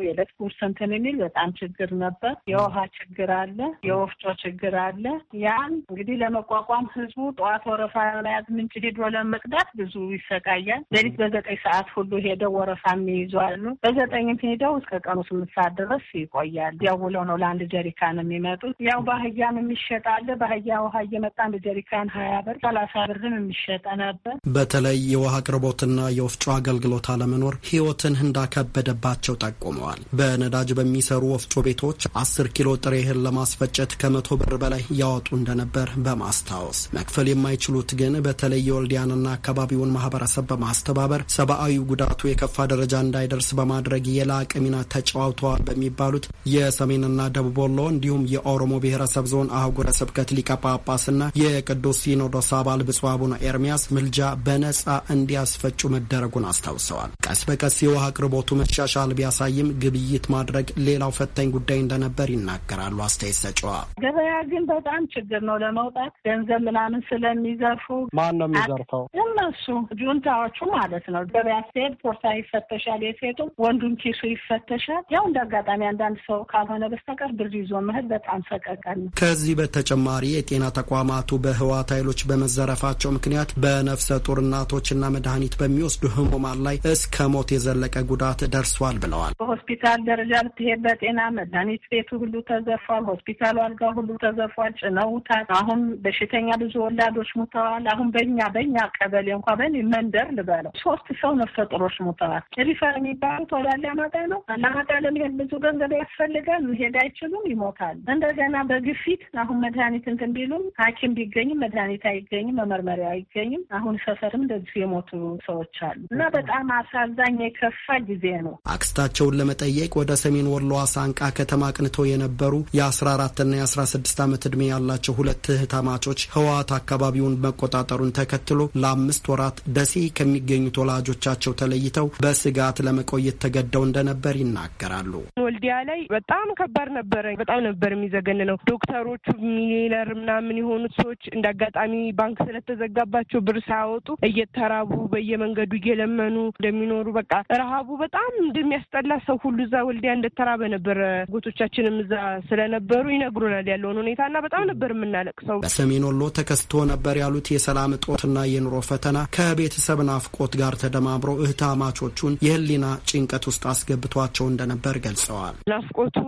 የዕለት ጉርስ እንትን የሚል በጣም ችግር ነበር። የውሃ ችግር አለ፣ የወፍጮ ችግር አለ። ያን እንግዲህ ለመቋቋም ህዝብ ህዝቡ ጠዋት ወረፋ መያዝ አዝምንጭ ሄዶ ለመቅዳት ብዙ ይሰቃያል። ሌሊት በዘጠኝ ሰዓት ሁሉ ሄደው ወረፋ የሚይዟሉ። በዘጠኝም ሄደው እስከ ቀኑ ስምንት ሰዓት ድረስ ይቆያል። ያው ውለው ነው ለአንድ ጀሪካን የሚመጡት። ያው ባህያም የሚሸጣለ ባህያ ውሃ እየመጣ አንድ ጀሪካን ሀያ ብር ሰላሳ ብርም የሚሸጠ ነበር። በተለይ የውሃ አቅርቦትና የወፍጮ አገልግሎት አለመኖር ህይወትን እንዳከበደባቸው ጠቁመዋል። በነዳጅ በሚሰሩ ወፍጮ ቤቶች አስር ኪሎ ጥሬ እህል ለማስፈጨት ከመቶ ብር በላይ ያወጡ እንደነበር በማስታወስ መክፈል የማይችሉት ግን በተለይ የወልዲያንና አካባቢውን ማህበረሰብ በማስተባበር ሰብአዊ ጉዳቱ የከፋ ደረጃ እንዳይደርስ በማድረግ የላቀ ሚና ተጫዋውተዋል በሚባሉት የሰሜንና ደቡብ ወሎ እንዲሁም የኦሮሞ ብሔረሰብ ዞን አህጉረ ስብከት ሊቀ ጳጳስና የቅዱስ ሲኖዶስ አባል ብፁዕ አቡነ ኤርሚያስ ምልጃ በነጻ እንዲያስፈጩ መደረጉን አስታውሰዋል። ቀስ በቀስ የውሃ አቅርቦቱ መሻሻል ቢያሳይም ግብይት ማድረግ ሌላው ፈታኝ ጉዳይ እንደነበር ይናገራሉ አስተያየት ሰጫዋ። ገበያ ግን በጣም ችግር ነው ለመውጣት ገንዘብ ምና ምናምን ስለሚዘርፉ ማን ነው የሚዘርፈው? እነሱ ጁንታዎቹ ማለት ነው። ገበያ ሲሄድ ፖርታ ይፈተሻል፣ የሴቱም ወንዱም ኪሱ ይፈተሻል። ያው እንደ አጋጣሚ አንዳንድ ሰው ካልሆነ በስተቀር ብር ይዞ መሄድ በጣም ሰቀቀን። ከዚህ በተጨማሪ የጤና ተቋማቱ በህዋት ኃይሎች በመዘረፋቸው ምክንያት በነፍሰ ጡር እናቶችና መድኃኒት በሚወስዱ ህሙማን ላይ እስከ ሞት የዘለቀ ጉዳት ደርሷል ብለዋል። በሆስፒታል ደረጃ ብትሄድ በጤና መድኃኒት ቤቱ ሁሉ ተዘርፏል። ሆስፒታሉ አልጋ ሁሉ ተዘርፏል። ጭነውታል። አሁን በሽተኛ ብዙ ወላዶች ሙተዋል። አሁን በኛ በኛ ቀበሌ እንኳ በኔ መንደር ልበለው ሶስት ሰው ነፍሰ ጡሮች ሞተዋል። ሪፈር የሚባሉት ወደ አላማጣ ነው። አላማጣ ለመሄድ ብዙ ገንዘብ ያስፈልጋል። መሄድ አይችሉም፣ ይሞታል። እንደገና በግፊት አሁን መድኃኒት እንትን ቢሉም ሐኪም ቢገኝም መድኃኒት አይገኝም፣ መመርመሪያ አይገኝም። አሁን ሰፈርም እንደዚሁ የሞቱ ሰዎች አሉ እና በጣም አሳዛኝ የከፋ ጊዜ ነው። አክስታቸውን ለመጠየቅ ወደ ሰሜን ወሎ አሳንቃ ከተማ አቅንተው የነበሩ የአስራ 14 ና የ16 ዓመት ዕድሜ ያላቸው ሁለት እህትማማቾች ህዋ በመግባት አካባቢውን መቆጣጠሩን ተከትሎ ለአምስት ወራት ደሴ ከሚገኙት ወላጆቻቸው ተለይተው በስጋት ለመቆየት ተገደው እንደነበር ይናገራሉ። ወልዲያ ላይ በጣም ከባድ ነበረ። በጣም ነበር የሚዘገን ነው። ዶክተሮቹ ሚሊነር ምናምን የሆኑት ሰዎች እንደ አጋጣሚ ባንክ ስለተዘጋባቸው ብር ሳያወጡ እየተራቡ በየመንገዱ እየለመኑ እንደሚኖሩ በቃ ረሃቡ በጣም እንደሚያስጠላ ሰው ሁሉ እዛ ወልዲያ እንደተራበ ነበረ። ጎቶቻችንም እዛ ስለነበሩ ይነግሩናል ያለውን ሁኔታ እና በጣም ነበር የምናለቅሰው። በሰሜን ወሎ ተከ ተከስቶ ነበር ያሉት የሰላም እጦትና የኑሮ ፈተና ከቤተሰብ ናፍቆት ጋር ተደማምሮ እህታማቾቹን የህሊና ጭንቀት ውስጥ አስገብቷቸው እንደነበር ገልጸዋል። ናፍቆቱ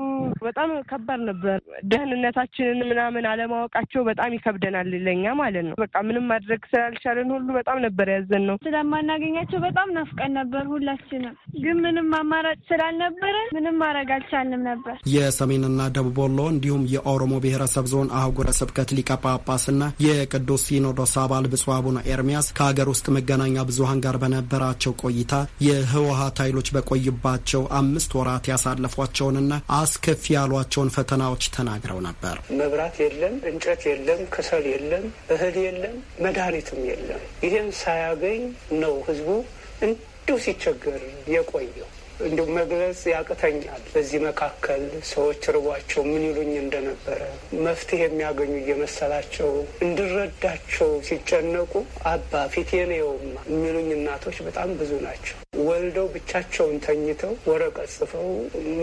በጣም ከባድ ነበር። ደህንነታችንን ምናምን አለማወቃቸው በጣም ይከብደናል ለኛ ማለት ነው። በቃ ምንም ማድረግ ስላልቻለን ሁሉ በጣም ነበር ያዘን ነው። ስለማናገኛቸው በጣም ናፍቀን ነበር ሁላችንም። ግን ምንም አማራጭ ስላልነበረ ምንም ማድረግ አልቻልንም ነበር። የሰሜንና ደቡብ ወሎ እንዲሁም የኦሮሞ ብሔረሰብ ዞን አህጉረ ስብከት ሊቀ ጳጳስና የቅዱስ ሲኖዶስ አባል ብፁዕ አቡነ ኤርሚያስ ከሀገር ውስጥ መገናኛ ብዙሀን ጋር በነበራቸው ቆይታ የህወሀት ኃይሎች በቆይባቸው አምስት ወራት ያሳለፏቸውንና አስከፊ ያሏቸውን ፈተናዎች ተናግረው ነበር። መብራት የለም፣ እንጨት የለም፣ ክሰል የለም፣ እህል የለም፣ መድኃኒትም የለም። ይህም ሳያገኝ ነው ህዝቡ እንዲሁ ሲቸገር የቆየው። እንዲሁ መግለጽ ያቅተኛል። በዚህ መካከል ሰዎች ርቧቸው ምን ይሉኝ እንደነበረ መፍትሄ የሚያገኙ እየመሰላቸው እንድረዳቸው ሲጨነቁ አባ ፊቴን የውማ የሚሉኝ እናቶች በጣም ብዙ ናቸው። ወልደው ብቻቸውን ተኝተው ወረቀት ጽፈው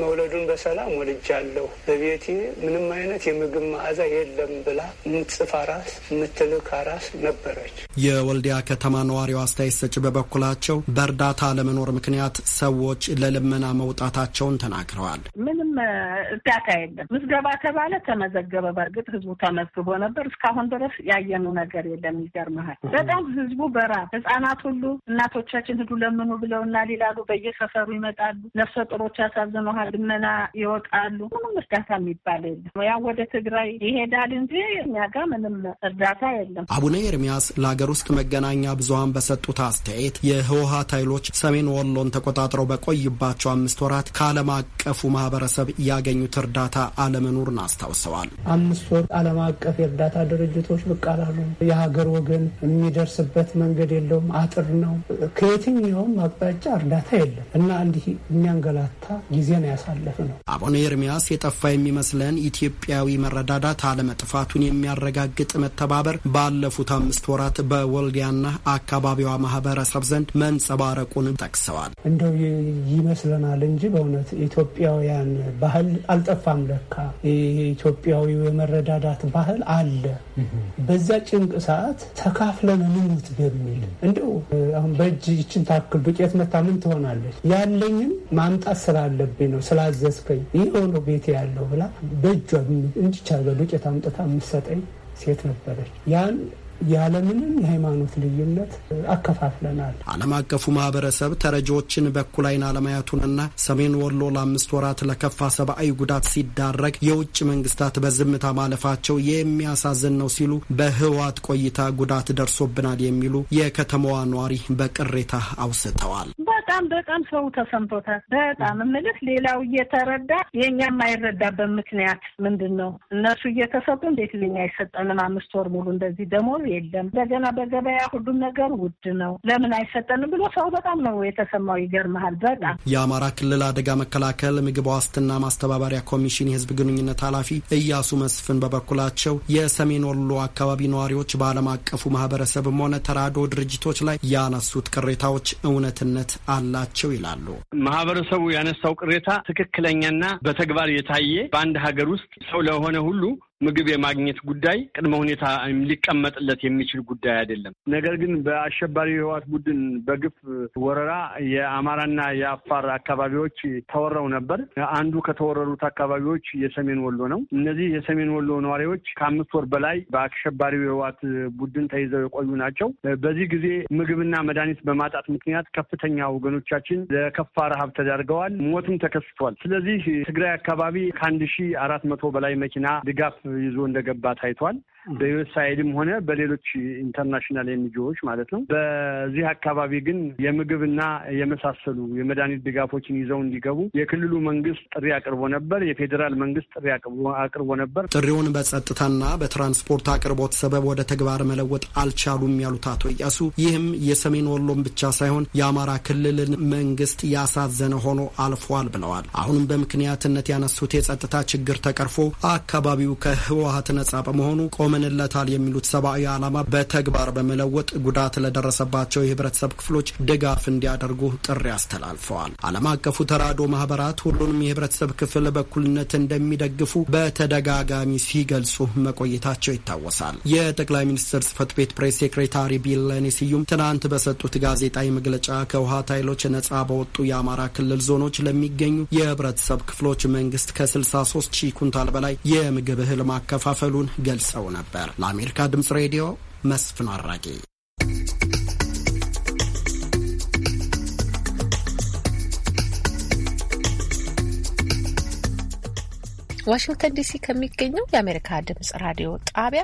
መውለዱን በሰላም ወልጃለሁ፣ በቤቴ ምንም አይነት የምግብ መዓዛ የለም ብላ የምትጽፍ አራስ የምትልክ አራስ ነበረች። የወልዲያ ከተማ ነዋሪው አስተያየት ሰጪ በበኩላቸው በእርዳታ ለመኖር ምክንያት ሰዎች ለልመና መውጣታቸውን ተናግረዋል። ምንም እርዳታ የለም። ምዝገባ ተባለ፣ ተመዘገበ። በእርግጥ ህዝቡ ተመዝግቦ ነበር። እስካሁን ድረስ ያየኑ ነገር የለም። ይገርመሃል። በጣም ህዝቡ በራብ ህጻናት ሁሉ እናቶቻችን ሂዱ ለምኑ ብለውና ሊላሉ በየሰፈሩ ይመጣሉ። ነፍሰ ጡሮች ያሳዝነዋል ልመና ይወጣሉ። ምንም እርዳታ የሚባል የለም። ያ ወደ ትግራይ ይሄዳል እንጂ እኛ ጋር ምንም እርዳታ የለም። አቡነ ኤርሚያስ ለሀገር ውስጥ መገናኛ ብዙሀን በሰጡት አስተያየት የህወሀት ኃይሎች ሰሜን ወሎን ተቆጣጥረው በቆይ በሚቆይባቸው አምስት ወራት ከዓለም አቀፉ ማህበረሰብ ያገኙት እርዳታ አለመኖርን አስታውሰዋል። አምስት ወር ዓለም አቀፍ የእርዳታ ድርጅቶች ብቅ የሀገር ወገን የሚደርስበት መንገድ የለውም፣ አጥር ነው። ከየትኛውም አቅጣጫ እርዳታ የለም እና እንዲህ የሚያንገላታ ነው ያሳለፍ ነው። አቡነ ኤርሚያስ የጠፋ የሚመስለን ኢትዮጵያዊ መረዳዳት አለመጥፋቱን የሚያረጋግጥ መተባበር ባለፉት አምስት ወራት በወልዲያና አካባቢዋ ማህበረሰብ ዘንድ መንጸባረቁን ጠቅሰዋል። እንደው ይመስለናል እንጂ በእውነት ኢትዮጵያውያን ባህል አልጠፋም። ለካ የኢትዮጵያዊ የመረዳዳት ባህል አለ። በዛ ጭንቅ ሰዓት ተካፍለን እንሙት በሚል እንዲሁ አሁን በእጅ ይችን ታክል ዱቄት መታ ምን ትሆናለች ያለኝን ማምጣት ስላለብኝ ነው ስላዘዝከኝ ይህ ሆኖ ቤት ያለው ብላ በእጇ እንዲቻለ ዱቄት አምጥታ የምትሰጠኝ ሴት ነበረች ያን ያለምንም የሃይማኖት ልዩነት አከፋፍለናል። ዓለም አቀፉ ማህበረሰብ ተረጂዎችን በኩል አይን አለማየቱንና ሰሜን ወሎ ለአምስት ወራት ለከፋ ሰብአዊ ጉዳት ሲዳረግ የውጭ መንግስታት በዝምታ ማለፋቸው የሚያሳዝን ነው ሲሉ በህወሓት ቆይታ ጉዳት ደርሶብናል የሚሉ የከተማዋ ነዋሪ በቅሬታ አውስተዋል። በጣም በጣም ሰው ተሰምቶታል። በጣም እምልህ ሌላው እየተረዳ የእኛ የማይረዳበት ምክንያት ምንድን ነው? እነሱ እየተሰጡ እንዴት ልኛ አይሰጠንም? አምስት ወር ሙሉ እንደዚህ ደሞዝ የለም። እንደገና በገበያ ሁሉም ነገር ውድ ነው። ለምን አይሰጠንም ብሎ ሰው በጣም ነው የተሰማው። ይገርመሃል። በጣም የአማራ ክልል አደጋ መከላከል ምግብ ዋስትና ማስተባበሪያ ኮሚሽን የህዝብ ግንኙነት ኃላፊ እያሱ መስፍን በበኩላቸው የሰሜን ወሎ አካባቢ ነዋሪዎች በዓለም አቀፉ ማህበረሰብም ሆነ ተራዶ ድርጅቶች ላይ ያነሱት ቅሬታዎች እውነትነት አላቸው ይላሉ። ማህበረሰቡ ያነሳው ቅሬታ ትክክለኛና በተግባር የታየ በአንድ ሀገር ውስጥ ሰው ለሆነ ሁሉ ምግብ የማግኘት ጉዳይ ቅድመ ሁኔታ ሊቀመጥለት የሚችል ጉዳይ አይደለም። ነገር ግን በአሸባሪ የህወሓት ቡድን በግፍ ወረራ የአማራና የአፋር አካባቢዎች ተወረው ነበር። አንዱ ከተወረሩት አካባቢዎች የሰሜን ወሎ ነው። እነዚህ የሰሜን ወሎ ነዋሪዎች ከአምስት ወር በላይ በአሸባሪው የህወሓት ቡድን ተይዘው የቆዩ ናቸው። በዚህ ጊዜ ምግብና መድኃኒት በማጣት ምክንያት ከፍተኛ ወገኖቻችን ለከፋ ረሃብ ተዳርገዋል። ሞትም ተከስቷል። ስለዚህ ትግራይ አካባቢ ከአንድ ሺ አራት መቶ በላይ መኪና ድጋፍ ይዞ እንደገባ ታይቷል። በዩኤስ ሆነ በሌሎች ኢንተርናሽናል ኤንጂዎች ማለት ነው። በዚህ አካባቢ ግን የምግብና የመሳሰሉ የመድኃኒት ድጋፎችን ይዘው እንዲገቡ የክልሉ መንግስት ጥሪ አቅርቦ ነበር። የፌዴራል መንግስት ጥሪ አቅርቦ ነበር። ጥሪውን በጸጥታና በትራንስፖርት አቅርቦት ሰበብ ወደ ተግባር መለወጥ አልቻሉም ያሉት አቶ እያሱ ይህም የሰሜን ወሎን ብቻ ሳይሆን የአማራ ክልልን መንግስት ያሳዘነ ሆኖ አልፏል ብለዋል። አሁንም በምክንያትነት ያነሱት የጸጥታ ችግር ተቀርፎ አካባቢው ከህወሀት ነጻ በመሆኑ ቆመ ይታመንለታል የሚሉት ሰብአዊ ዓላማ በተግባር በመለወጥ ጉዳት ለደረሰባቸው የህብረተሰብ ክፍሎች ድጋፍ እንዲያደርጉ ጥሪ አስተላልፈዋል። ዓለም አቀፉ ተራድኦ ማህበራት ሁሉንም የህብረተሰብ ክፍል በኩልነት እንደሚደግፉ በተደጋጋሚ ሲገልጹ መቆየታቸው ይታወሳል። የጠቅላይ ሚኒስትር ጽህፈት ቤት ፕሬስ ሴክሬታሪ ቢለኔ ስዩም ትናንት በሰጡት ጋዜጣዊ መግለጫ ከውሃት ኃይሎች ነጻ በወጡ የአማራ ክልል ዞኖች ለሚገኙ የህብረተሰብ ክፍሎች መንግስት ከ63 ሺህ ኩንታል በላይ የምግብ እህል ማከፋፈሉን ገልጸው ነበር። ነበር። ለአሜሪካ ድምፅ ሬዲዮ መስፍን አራቂ። ዋሽንግተን ዲሲ ከሚገኘው የአሜሪካ ድምጽ ራዲዮ ጣቢያ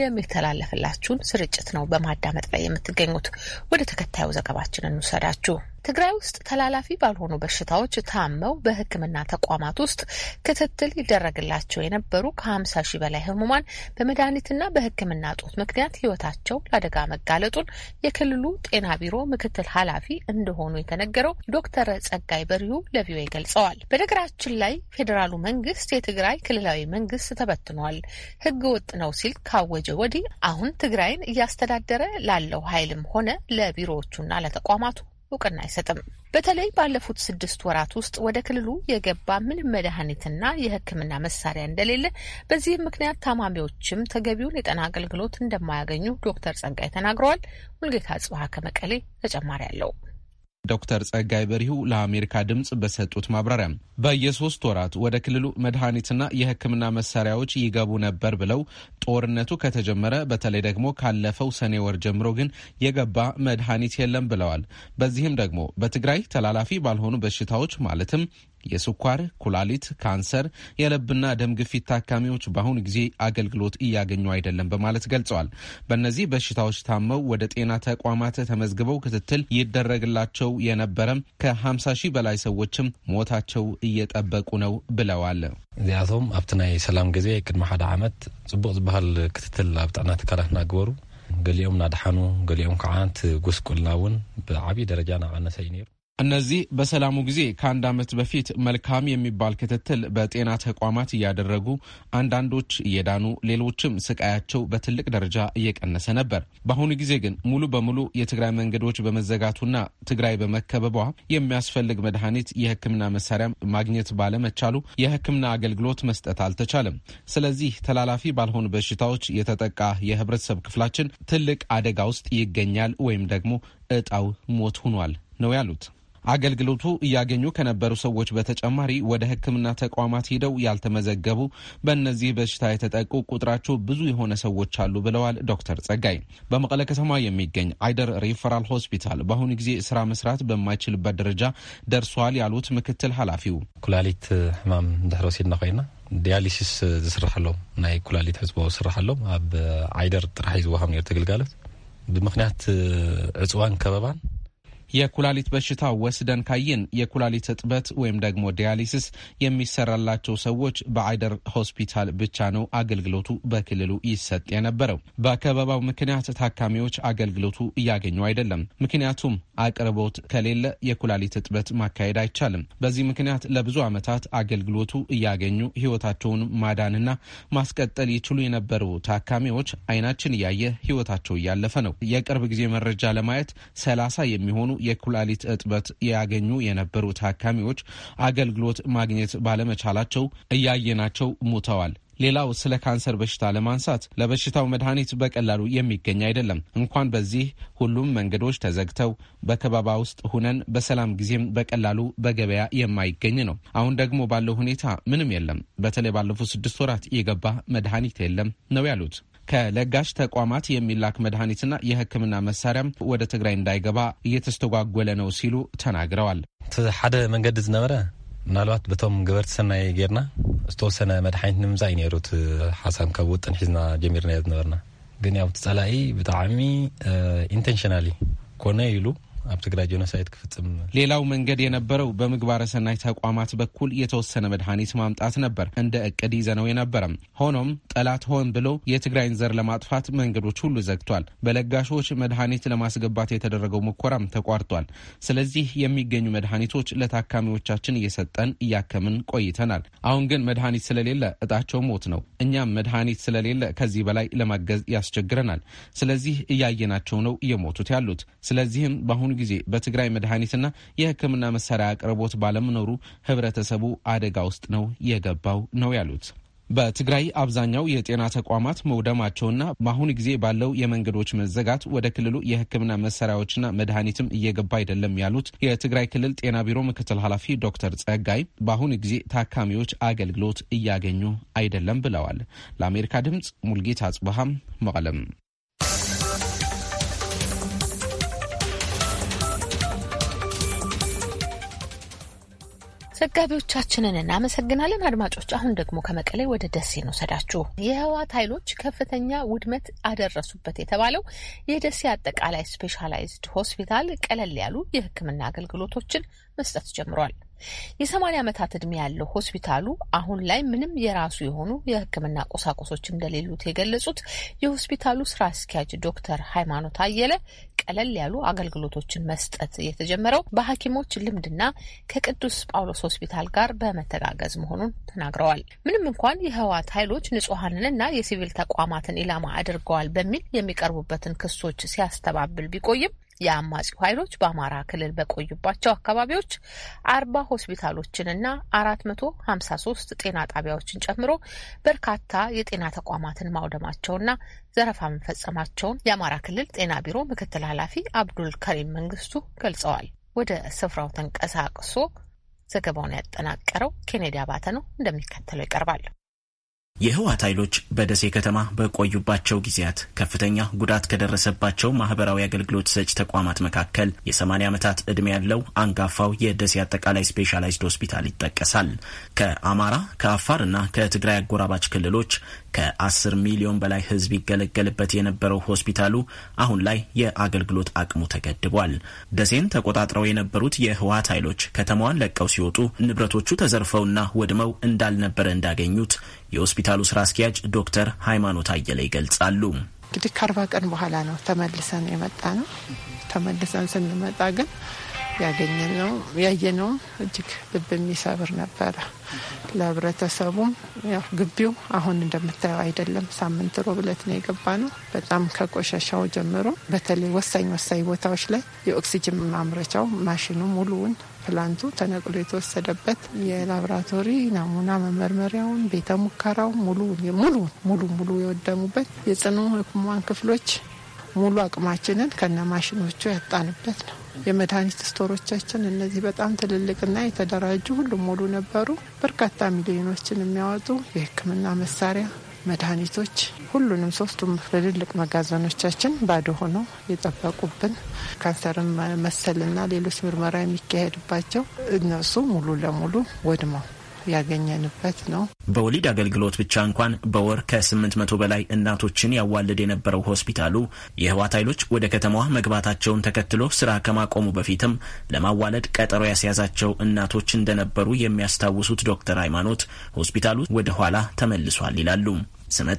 የሚተላለፍላችሁን ስርጭት ነው በማዳመጥ ላይ የምትገኙት። ወደ ተከታዩ ዘገባችን እንውሰዳችሁ። ትግራይ ውስጥ ተላላፊ ባልሆኑ በሽታዎች ታመው በሕክምና ተቋማት ውስጥ ክትትል ይደረግላቸው የነበሩ ከ50 ሺህ በላይ ህሙማን በመድኃኒትና በሕክምና እጦት ምክንያት ህይወታቸው ለአደጋ መጋለጡን የክልሉ ጤና ቢሮ ምክትል ኃላፊ እንደሆኑ የተነገረው ዶክተር ጸጋይ በሪሁ ለቪኦኤ ገልጸዋል። በነገራችን ላይ ፌዴራሉ መንግስት የትግራይ ክልላዊ መንግስት ተበትኗል፣ ህገ ወጥ ነው ሲል ካወጀ ወዲህ አሁን ትግራይን እያስተዳደረ ላለው ኃይልም ሆነ ለቢሮዎቹና ለተቋማቱ እውቅና አይሰጥም። በተለይ ባለፉት ስድስት ወራት ውስጥ ወደ ክልሉ የገባ ምንም መድኃኒትና የሕክምና መሳሪያ እንደሌለ፣ በዚህም ምክንያት ታማሚዎችም ተገቢውን የጤና አገልግሎት እንደማያገኙ ዶክተር ጸጋይ ተናግረዋል። ሙልጌታ ጽባሀ ከመቀሌ ተጨማሪ አለው። ዶክተር ጸጋይ በሪሁ ለአሜሪካ ድምፅ በሰጡት ማብራሪያ በየሶስት ወራት ወደ ክልሉ መድኃኒትና የሕክምና መሳሪያዎች ይገቡ ነበር ብለው ጦርነቱ ከተጀመረ በተለይ ደግሞ ካለፈው ሰኔ ወር ጀምሮ ግን የገባ መድኃኒት የለም ብለዋል። በዚህም ደግሞ በትግራይ ተላላፊ ባልሆኑ በሽታዎች ማለትም የስኳር፣ ኩላሊት፣ ካንሰር፣ የልብና ደም ግፊት ታካሚዎች በአሁኑ ጊዜ አገልግሎት እያገኙ አይደለም በማለት ገልጸዋል። በእነዚህ በሽታዎች ታመው ወደ ጤና ተቋማት ተመዝግበው ክትትል ይደረግላቸው የነበረም ከ50 ሺህ በላይ ሰዎችም ሞታቸው እየጠበቁ ነው ብለዋል። እዚኣቶም ኣብቲ ናይ ሰላም ግዜ ቅድሚ ሓደ ዓመት ፅቡቅ ዝበሃል ክትትል ኣብ ጥዕና ትካላት እናግበሩ ገሊኦም እናድሓኑ ገሊኦም ከዓ እቲ ጉስቁልና እውን ብዓብዪ ደረጃ ናቐነሰ እዩ ነይሩ እነዚህ በሰላሙ ጊዜ ከአንድ ዓመት በፊት መልካም የሚባል ክትትል በጤና ተቋማት እያደረጉ አንዳንዶች እየዳኑ ሌሎችም ስቃያቸው በትልቅ ደረጃ እየቀነሰ ነበር። በአሁኑ ጊዜ ግን ሙሉ በሙሉ የትግራይ መንገዶች በመዘጋቱና ትግራይ በመከበቧ የሚያስፈልግ መድኃኒት፣ የሕክምና መሳሪያ ማግኘት ባለመቻሉ የሕክምና አገልግሎት መስጠት አልተቻለም። ስለዚህ ተላላፊ ባልሆኑ በሽታዎች የተጠቃ የህብረተሰብ ክፍላችን ትልቅ አደጋ ውስጥ ይገኛል ወይም ደግሞ እጣው ሞት ሆኗል ነው ያሉት። አገልግሎቱ እያገኙ ከነበሩ ሰዎች በተጨማሪ ወደ ሕክምና ተቋማት ሄደው ያልተመዘገቡ በእነዚህ በሽታ የተጠቁ ቁጥራቸው ብዙ የሆነ ሰዎች አሉ ብለዋል ዶክተር ጸጋይ። በመቀለ ከተማ የሚገኝ አይደር ሪፈራል ሆስፒታል በአሁኑ ጊዜ ስራ መስራት በማይችልበት ደረጃ ደርሷል ያሉት ምክትል ኃላፊው ኩላሊት ሕማም ድሕረ ወሲድና ኮይና ዲያሊሲስ ዝስራሓሎም ናይ ኩላሊት ህዝቦ ዝስራሓሎም ኣብ ዓይደር ጥራሕ ዝወሃብ ነር ተግልጋሎት ብምክንያት ዕፅዋን ከበባን የኩላሊት በሽታ ወስደን ካየን የኩላሊት እጥበት ወይም ደግሞ ዲያሊሲስ የሚሰራላቸው ሰዎች በአይደር ሆስፒታል ብቻ ነው አገልግሎቱ በክልሉ ይሰጥ የነበረው። በከበባው ምክንያት ታካሚዎች አገልግሎቱ እያገኙ አይደለም። ምክንያቱም አቅርቦት ከሌለ የኩላሊት እጥበት ማካሄድ አይቻልም። በዚህ ምክንያት ለብዙ ዓመታት አገልግሎቱ እያገኙ ህይወታቸውን ማዳንና ማስቀጠል ይችሉ የነበሩ ታካሚዎች አይናችን እያየ ህይወታቸው እያለፈ ነው። የቅርብ ጊዜ መረጃ ለማየት ሰላሳ የሚሆኑ የኩላሊት እጥበት ያገኙ የነበሩ ታካሚዎች አገልግሎት ማግኘት ባለመቻላቸው እያየናቸው ሙተዋል። ሌላው ስለ ካንሰር በሽታ ለማንሳት ለበሽታው መድኃኒት በቀላሉ የሚገኝ አይደለም። እንኳን በዚህ ሁሉም መንገዶች ተዘግተው በከበባ ውስጥ ሁነን በሰላም ጊዜም በቀላሉ በገበያ የማይገኝ ነው። አሁን ደግሞ ባለው ሁኔታ ምንም የለም። በተለይ ባለፉት ስድስት ወራት የገባ መድኃኒት የለም ነው ያሉት። ከለጋሽ ተቋማት የሚላክ መድኃኒትና የሕክምና መሳሪያም ወደ ትግራይ እንዳይገባ እየተስተጓጎለ ነው ሲሉ ተናግረዋል። እቲ ሓደ መንገዲ ዝነበረ ምናልባት በቶም ገበርቲ ሰናይ ጌርና ዝተወሰነ መድሓኒት ንምምፃ እዩ ነይሩ እቲ ሓሳብ ካብ ውጥን ሒዝና ጀሚርና ዝነበርና ግን ያው ቲ ፀላኢ ብጣዕሚ ኢንቴንሽናሊ ኮነ ኢሉ አብ ትግራይ ጆኖሳይድ ክፍጽም ሌላው መንገድ የነበረው በምግባረ ሰናይ ተቋማት በኩል የተወሰነ መድኃኒት ማምጣት ነበር እንደ እቅድ ይዘነው የነበረ። ሆኖም ጠላት ሆን ብሎ የትግራይን ዘር ለማጥፋት መንገዶች ሁሉ ዘግቷል። በለጋሾች መድኃኒት ለማስገባት የተደረገው ሙከራም ተቋርጧል። ስለዚህ የሚገኙ መድኃኒቶች ለታካሚዎቻችን እየሰጠን እያከምን ቆይተናል። አሁን ግን መድኃኒት ስለሌለ እጣቸው ሞት ነው። እኛም መድኃኒት ስለሌለ ከዚህ በላይ ለማገዝ ያስቸግረናል። ስለዚህ እያየናቸው ነው እየሞቱት ያሉት። ስለዚህም በአሁኑ ጊዜ በትግራይ መድኃኒትና የሕክምና መሳሪያ አቅርቦት ባለመኖሩ ህብረተሰቡ አደጋ ውስጥ ነው የገባው ነው ያሉት። በትግራይ አብዛኛው የጤና ተቋማት መውደማቸውና በአሁኑ ጊዜ ባለው የመንገዶች መዘጋት ወደ ክልሉ የህክምና መሳሪያዎችና መድኃኒትም እየገባ አይደለም ያሉት የትግራይ ክልል ጤና ቢሮ ምክትል ኃላፊ ዶክተር ጸጋይ በአሁኑ ጊዜ ታካሚዎች አገልግሎት እያገኙ አይደለም ብለዋል። ለአሜሪካ ድምፅ ሙልጌታ አጽበሃም መቀለም ዘጋቢዎቻችንን እናመሰግናለን። አድማጮች፣ አሁን ደግሞ ከመቀሌ ወደ ደሴ እንውሰዳችሁ። የህወሓት ኃይሎች ከፍተኛ ውድመት አደረሱበት የተባለው የደሴ አጠቃላይ ስፔሻላይዝድ ሆስፒታል ቀለል ያሉ የሕክምና አገልግሎቶችን መስጠት ጀምሯል። የሰማኒያ ዓመታት ዕድሜ ያለው ሆስፒታሉ አሁን ላይ ምንም የራሱ የሆኑ የሕክምና ቁሳቁሶች እንደሌሉት የገለጹት የሆስፒታሉ ስራ አስኪያጅ ዶክተር ሃይማኖት አየለ ቀለል ያሉ አገልግሎቶችን መስጠት የተጀመረው በሐኪሞች ልምድና ከቅዱስ ጳውሎስ ሆስፒታል ጋር በመተጋገዝ መሆኑን ተናግረዋል። ምንም እንኳን የህወሓት ኃይሎች ንጹሐንንና የሲቪል ተቋማትን ኢላማ አድርገዋል በሚል የሚቀርቡበትን ክሶች ሲያስተባብል ቢቆይም የአማጺው ኃይሎች በአማራ ክልል በቆዩባቸው አካባቢዎች አርባ ሆስፒታሎችንና አራት መቶ ሀምሳ ሶስት ጤና ጣቢያዎችን ጨምሮ በርካታ የጤና ተቋማትን ማውደማቸውና ዘረፋ መፈጸማቸውን የአማራ ክልል ጤና ቢሮ ምክትል ኃላፊ አብዱል ከሪም መንግስቱ ገልጸዋል። ወደ ስፍራው ተንቀሳቅሶ ዘገባውን ያጠናቀረው ኬኔዲ አባተ ነው፣ እንደሚከተለው ይቀርባል። የህወሓት ኃይሎች በደሴ ከተማ በቆዩባቸው ጊዜያት ከፍተኛ ጉዳት ከደረሰባቸው ማህበራዊ አገልግሎት ሰጪ ተቋማት መካከል የ80 ዓመታት ዕድሜ ያለው አንጋፋው የደሴ አጠቃላይ ስፔሻላይዝድ ሆስፒታል ይጠቀሳል። ከአማራ ከአፋር እና ከትግራይ አጎራባች ክልሎች ከ10 ሚሊዮን በላይ ህዝብ ይገለገልበት የነበረው ሆስፒታሉ አሁን ላይ የአገልግሎት አቅሙ ተገድቧል። ደሴን ተቆጣጥረው የነበሩት የህወሓት ኃይሎች ከተማዋን ለቀው ሲወጡ ንብረቶቹ ተዘርፈውና ወድመው እንዳልነበረ እንዳገኙት የሆስፒታል የሆስፒታሉ ስራ አስኪያጅ ዶክተር ሃይማኖት አየለ ይገልጻሉ። እንግዲህ ከአርባ ቀን በኋላ ነው ተመልሰን የመጣ ነው። ተመልሰን ስንመጣ ግን ያየ ያየነው እጅግ ልብ የሚሰብር ነበረ። ለህብረተሰቡም ያው ግቢው አሁን እንደምታየው አይደለም። ሳምንት ሮብ ዕለት ነው የገባ ነው። በጣም ከቆሻሻው ጀምሮ በተለይ ወሳኝ ወሳኝ ቦታዎች ላይ የኦክሲጅን ማምረቻው ማሽኑ ሙሉውን ፕላንቱ ተነቅሎ የተወሰደበት የላብራቶሪ ናሙና መመርመሪያውን ቤተ ሙከራው ሙሉ ሙሉ ሙሉ ሙሉ የወደሙበት የጽኑ ህሙማን ክፍሎች ሙሉ አቅማችንን ከነ ማሽኖቹ ያጣንበት ነው። የመድኃኒት ስቶሮቻችን እነዚህ በጣም ትልልቅና የተደራጁ ሁሉም ሙሉ ነበሩ። በርካታ ሚሊዮኖችን የሚያወጡ የህክምና መሳሪያ መድኃኒቶች ሁሉንም ሶስቱም ትልልቅ መጋዘኖቻችን ባዶ ሆኖ የጠበቁብን ካንሰርም መሰልና ሌሎች ምርመራ የሚካሄድባቸው እነሱ ሙሉ ለሙሉ ወድመው ያገኘንበት ነው። በወሊድ አገልግሎት ብቻ እንኳን በወር ከ800 በላይ እናቶችን ያዋልድ የነበረው ሆስፒታሉ የህወሓት ኃይሎች ወደ ከተማዋ መግባታቸውን ተከትሎ ስራ ከማቆሙ በፊትም ለማዋለድ ቀጠሮ ያስያዛቸው እናቶች እንደነበሩ የሚያስታውሱት ዶክተር ሃይማኖት ሆስፒታሉ ወደ ኋላ ተመልሷል ይላሉ።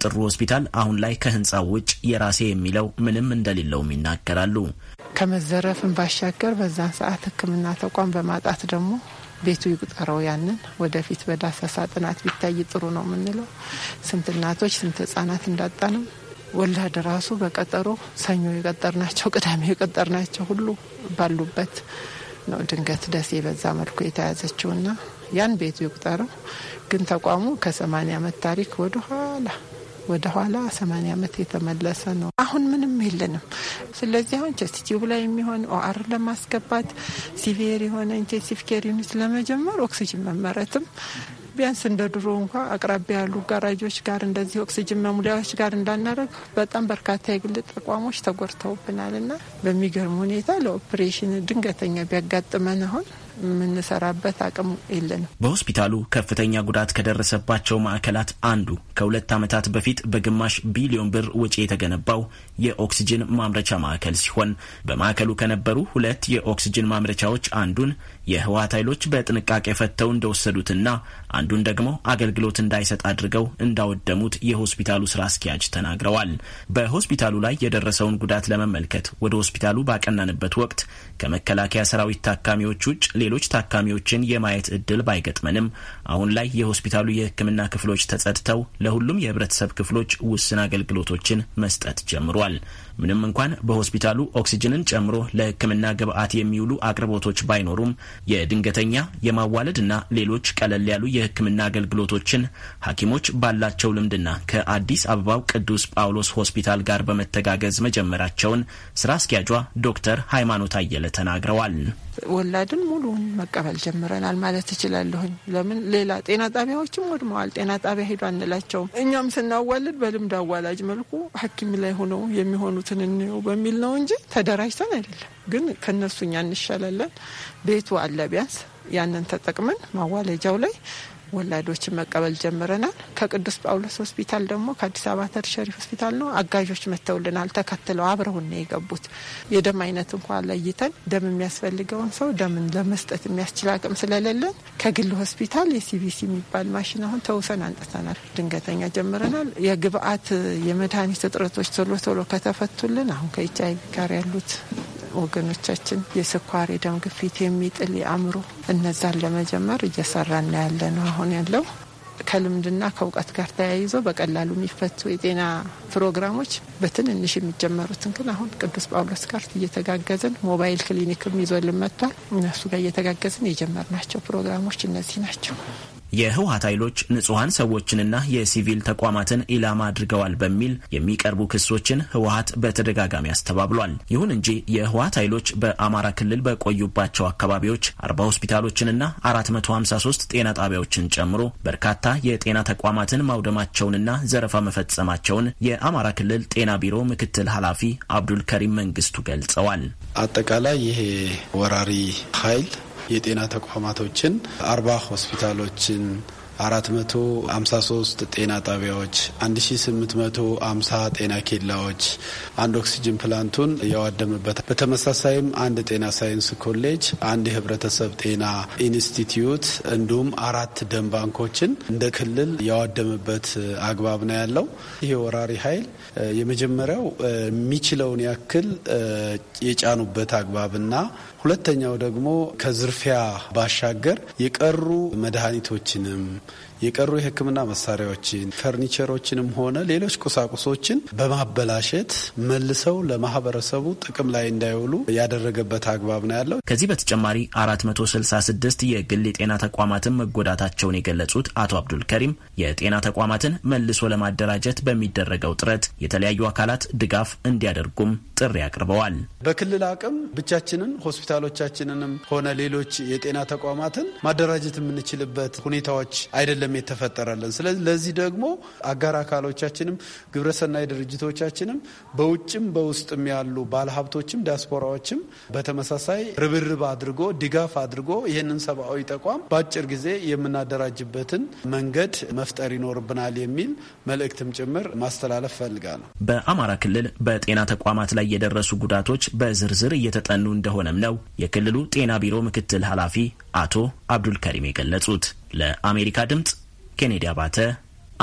ጥሩ ሆስፒታል አሁን ላይ ከህንፃው ውጭ የራሴ የሚለው ምንም እንደሌለውም ይናገራሉ። ከመዘረፍን ባሻገር በዛን ሰዓት ሕክምና ተቋም በማጣት ደግሞ ቤቱ ይቁጠረው። ያንን ወደፊት በዳሰሳ ጥናት ቢታይ ጥሩ ነው የምንለው። ስንት እናቶች ስንት ህጻናት እንዳጣንም ወላድ ራሱ በቀጠሮ ሰኞ የቀጠር ናቸው፣ ቅዳሜ የቀጠር ናቸው ሁሉ ባሉበት ነው። ድንገት ደሴ በዛ መልኩ የተያዘችውና ያን ቤቱ ይቁጠረው ግን ተቋሙ ከሰማንያ ዓመት ታሪክ ወደኋላ ወደ ኋላ ዓመት የተመለሰ ነው። አሁን ምንም የለንም። ስለዚህ አሁን ቸስቲቲቭ ላይ የሚሆን ኦአር ለማስገባት ሲቪር የሆነ ኢንቴንሲቭ ኬር ዩኒት ለመጀመር ኦክሲጅን መመረትም ቢያንስ እንደ ድሮ እንኳ አቅራቢያ ያሉ ጋራጆች ጋር እንደዚህ ኦክሲጅን መሙሊያዎች ጋር እንዳናረግ በጣም በርካታ የግል ተቋሞች ተጎድተውብናል እና በሚገርም ሁኔታ ለኦፕሬሽን ድንገተኛ ቢያጋጥመን አሁን የምንሰራበት አቅም የለንም። በሆስፒታሉ ከፍተኛ ጉዳት ከደረሰባቸው ማዕከላት አንዱ ከሁለት ዓመታት በፊት በግማሽ ቢሊዮን ብር ወጪ የተገነባው የኦክስጅን ማምረቻ ማዕከል ሲሆን በማዕከሉ ከነበሩ ሁለት የኦክስጅን ማምረቻዎች አንዱን የህወሀት ኃይሎች በጥንቃቄ ፈተው እንደወሰዱትና አንዱን ደግሞ አገልግሎት እንዳይሰጥ አድርገው እንዳወደሙት የሆስፒታሉ ስራ አስኪያጅ ተናግረዋል። በሆስፒታሉ ላይ የደረሰውን ጉዳት ለመመልከት ወደ ሆስፒታሉ ባቀናንበት ወቅት ከመከላከያ ሰራዊት ታካሚዎች ውጭ ሌሎች ታካሚዎችን የማየት እድል ባይገጥመንም አሁን ላይ የሆስፒታሉ የህክምና ክፍሎች ተጸድተው ለሁሉም የህብረተሰብ ክፍሎች ውስን አገልግሎቶችን መስጠት ጀምሯል። ምንም እንኳን በሆስፒታሉ ኦክሲጅንን ጨምሮ ለህክምና ግብዓት የሚውሉ አቅርቦቶች ባይኖሩም የድንገተኛ የማዋለድ እና ሌሎች ቀለል ያሉ የሕክምና አገልግሎቶችን ሐኪሞች ባላቸው ልምድና ከአዲስ አበባው ቅዱስ ጳውሎስ ሆስፒታል ጋር በመተጋገዝ መጀመራቸውን ስራ አስኪያጇ ዶክተር ሃይማኖት አየለ ተናግረዋል። ወላድን ሙሉውን መቀበል ጀምረናል ማለት እችላለሁኝ። ለምን ሌላ ጤና ጣቢያዎችም ወድመዋል። ጤና ጣቢያ ሄዱ አንላቸውም። እኛም ስናዋልድ በልምድ አዋላጅ መልኩ ሐኪም ላይ ሆነው የሚሆኑትን እንየው በሚል ነው እንጂ ተደራጅተን አይደለም። ግን ከነሱ እኛ እንሻላለን። ቤቱ አለ። ቢያንስ ያንን ተጠቅመን ማዋለጃው ላይ ወላዶችን መቀበል ጀምረናል። ከቅዱስ ጳውሎስ ሆስፒታል ደግሞ ከአዲስ አበባ ተርሸሪ ሆስፒታል ነው አጋዦች መጥተውልናል። ተከትለው አብረውን ነው የገቡት። የደም አይነት እንኳ ለይተን ደም የሚያስፈልገውን ሰው ደምን ለመስጠት የሚያስችል አቅም ስለሌለን ከግል ሆስፒታል የሲቢሲ የሚባል ማሽን አሁን ተውሰን አንጥተናል። ድንገተኛ ጀምረናል። የግብአት የመድኃኒት እጥረቶች ቶሎ ቶሎ ከተፈቱልን አሁን ከኤች አይቪ ጋር ያሉት ወገኖቻችን የስኳር፣ የደም ግፊት የሚጥል የአእምሮ እነዛን ለመጀመር እየሰራና ያለ ነው አሁን ያለው ከልምድና ከእውቀት ጋር ተያይዞ በቀላሉ የሚፈቱ የጤና ፕሮግራሞች በትንንሽ የሚጀመሩትን ግን አሁን ቅዱስ ጳውሎስ ጋር እየተጋገዝን ሞባይል ክሊኒክም ይዞልን መጥቷል። እነሱ ጋር እየተጋገዝን የጀመርናቸው ፕሮግራሞች እነዚህ ናቸው። የህወሀት ኃይሎች ንጹሐን ሰዎችንና የሲቪል ተቋማትን ኢላማ አድርገዋል በሚል የሚቀርቡ ክሶችን ህወሀት በተደጋጋሚ አስተባብሏል። ይሁን እንጂ የህወሀት ኃይሎች በአማራ ክልል በቆዩባቸው አካባቢዎች አርባ ሆስፒታሎችንና 453 ጤና ጣቢያዎችን ጨምሮ በርካታ የጤና ተቋማትን ማውደማቸውንና ዘረፋ መፈጸማቸውን የአማራ ክልል ጤና ቢሮ ምክትል ኃላፊ አብዱል ከሪም መንግስቱ ገልጸዋል። አጠቃላይ ይሄ ወራሪ ኃይል የጤና ተቋማቶችን አርባ ሆስፒታሎችን አራት መቶ አምሳ ሶስት ጤና ጣቢያዎች አንድ ሺ ስምንት መቶ አምሳ ጤና ኬላዎች አንድ ኦክሲጅን ፕላንቱን ያዋደመበት በተመሳሳይም አንድ ጤና ሳይንስ ኮሌጅ አንድ የህብረተሰብ ጤና ኢንስቲትዩት እንዲሁም አራት ደም ባንኮችን እንደ ክልል ያዋደመበት አግባብ ነው ያለው። ይህ ወራሪ ኃይል የመጀመሪያው የሚችለውን ያክል የጫኑበት አግባብና ሁለተኛው ደግሞ ከዝርፊያ ባሻገር የቀሩ መድኃኒቶችንም የቀሩ የሕክምና መሳሪያዎችን ፈርኒቸሮችንም ሆነ ሌሎች ቁሳቁሶችን በማበላሸት መልሰው ለማህበረሰቡ ጥቅም ላይ እንዳይውሉ ያደረገበት አግባብ ነው ያለው። ከዚህ በተጨማሪ 466 የግል የጤና ተቋማትን መጎዳታቸውን የገለጹት አቶ አብዱል ከሪም የጤና ተቋማትን መልሶ ለማደራጀት በሚደረገው ጥረት የተለያዩ አካላት ድጋፍ እንዲያደርጉም ጥሪ አቅርበዋል። በክልል አቅም ብቻችንን ሆስፒታሎቻችንንም ሆነ ሌሎች የጤና ተቋማትን ማደራጀት የምንችልበት ሁኔታዎች አይደለም አይደለም የተፈጠረልን። ስለዚህ ለዚህ ደግሞ አጋር አካሎቻችንም ግብረሰናይ ድርጅቶቻችንም በውጭም በውስጥም ያሉ ባለሀብቶችም ዲያስፖራዎችም በተመሳሳይ ርብርብ አድርጎ ድጋፍ አድርጎ ይህንን ሰብአዊ ተቋም በአጭር ጊዜ የምናደራጅበትን መንገድ መፍጠር ይኖርብናል የሚል መልእክትም ጭምር ማስተላለፍ ፈልጋ ነው። በአማራ ክልል በጤና ተቋማት ላይ የደረሱ ጉዳቶች በዝርዝር እየተጠኑ እንደሆነም ነው የክልሉ ጤና ቢሮ ምክትል ኃላፊ አቶ አብዱልከሪም የገለጹት። ለአሜሪካ ድምፅ ኬኔዲ አባተ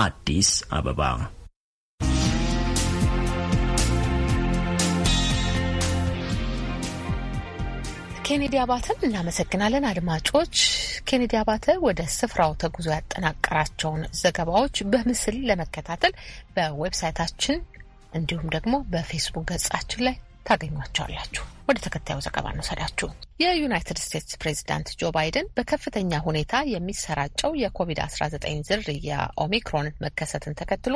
አዲስ አበባ። ኬኔዲ አባተን እናመሰግናለን። አድማጮች፣ ኬኔዲ አባተ ወደ ስፍራው ተጉዞ ያጠናቀራቸውን ዘገባዎች በምስል ለመከታተል በዌብሳይታችን እንዲሁም ደግሞ በፌስቡክ ገጻችን ላይ ታገኟቸዋላችሁ። ወደ ተከታዩ ዘገባ እንውሰዳችሁ። የዩናይትድ ስቴትስ ፕሬዚዳንት ጆ ባይደን በከፍተኛ ሁኔታ የሚሰራጨው የኮቪድ-19 ዝርያ ኦሚክሮን መከሰትን ተከትሎ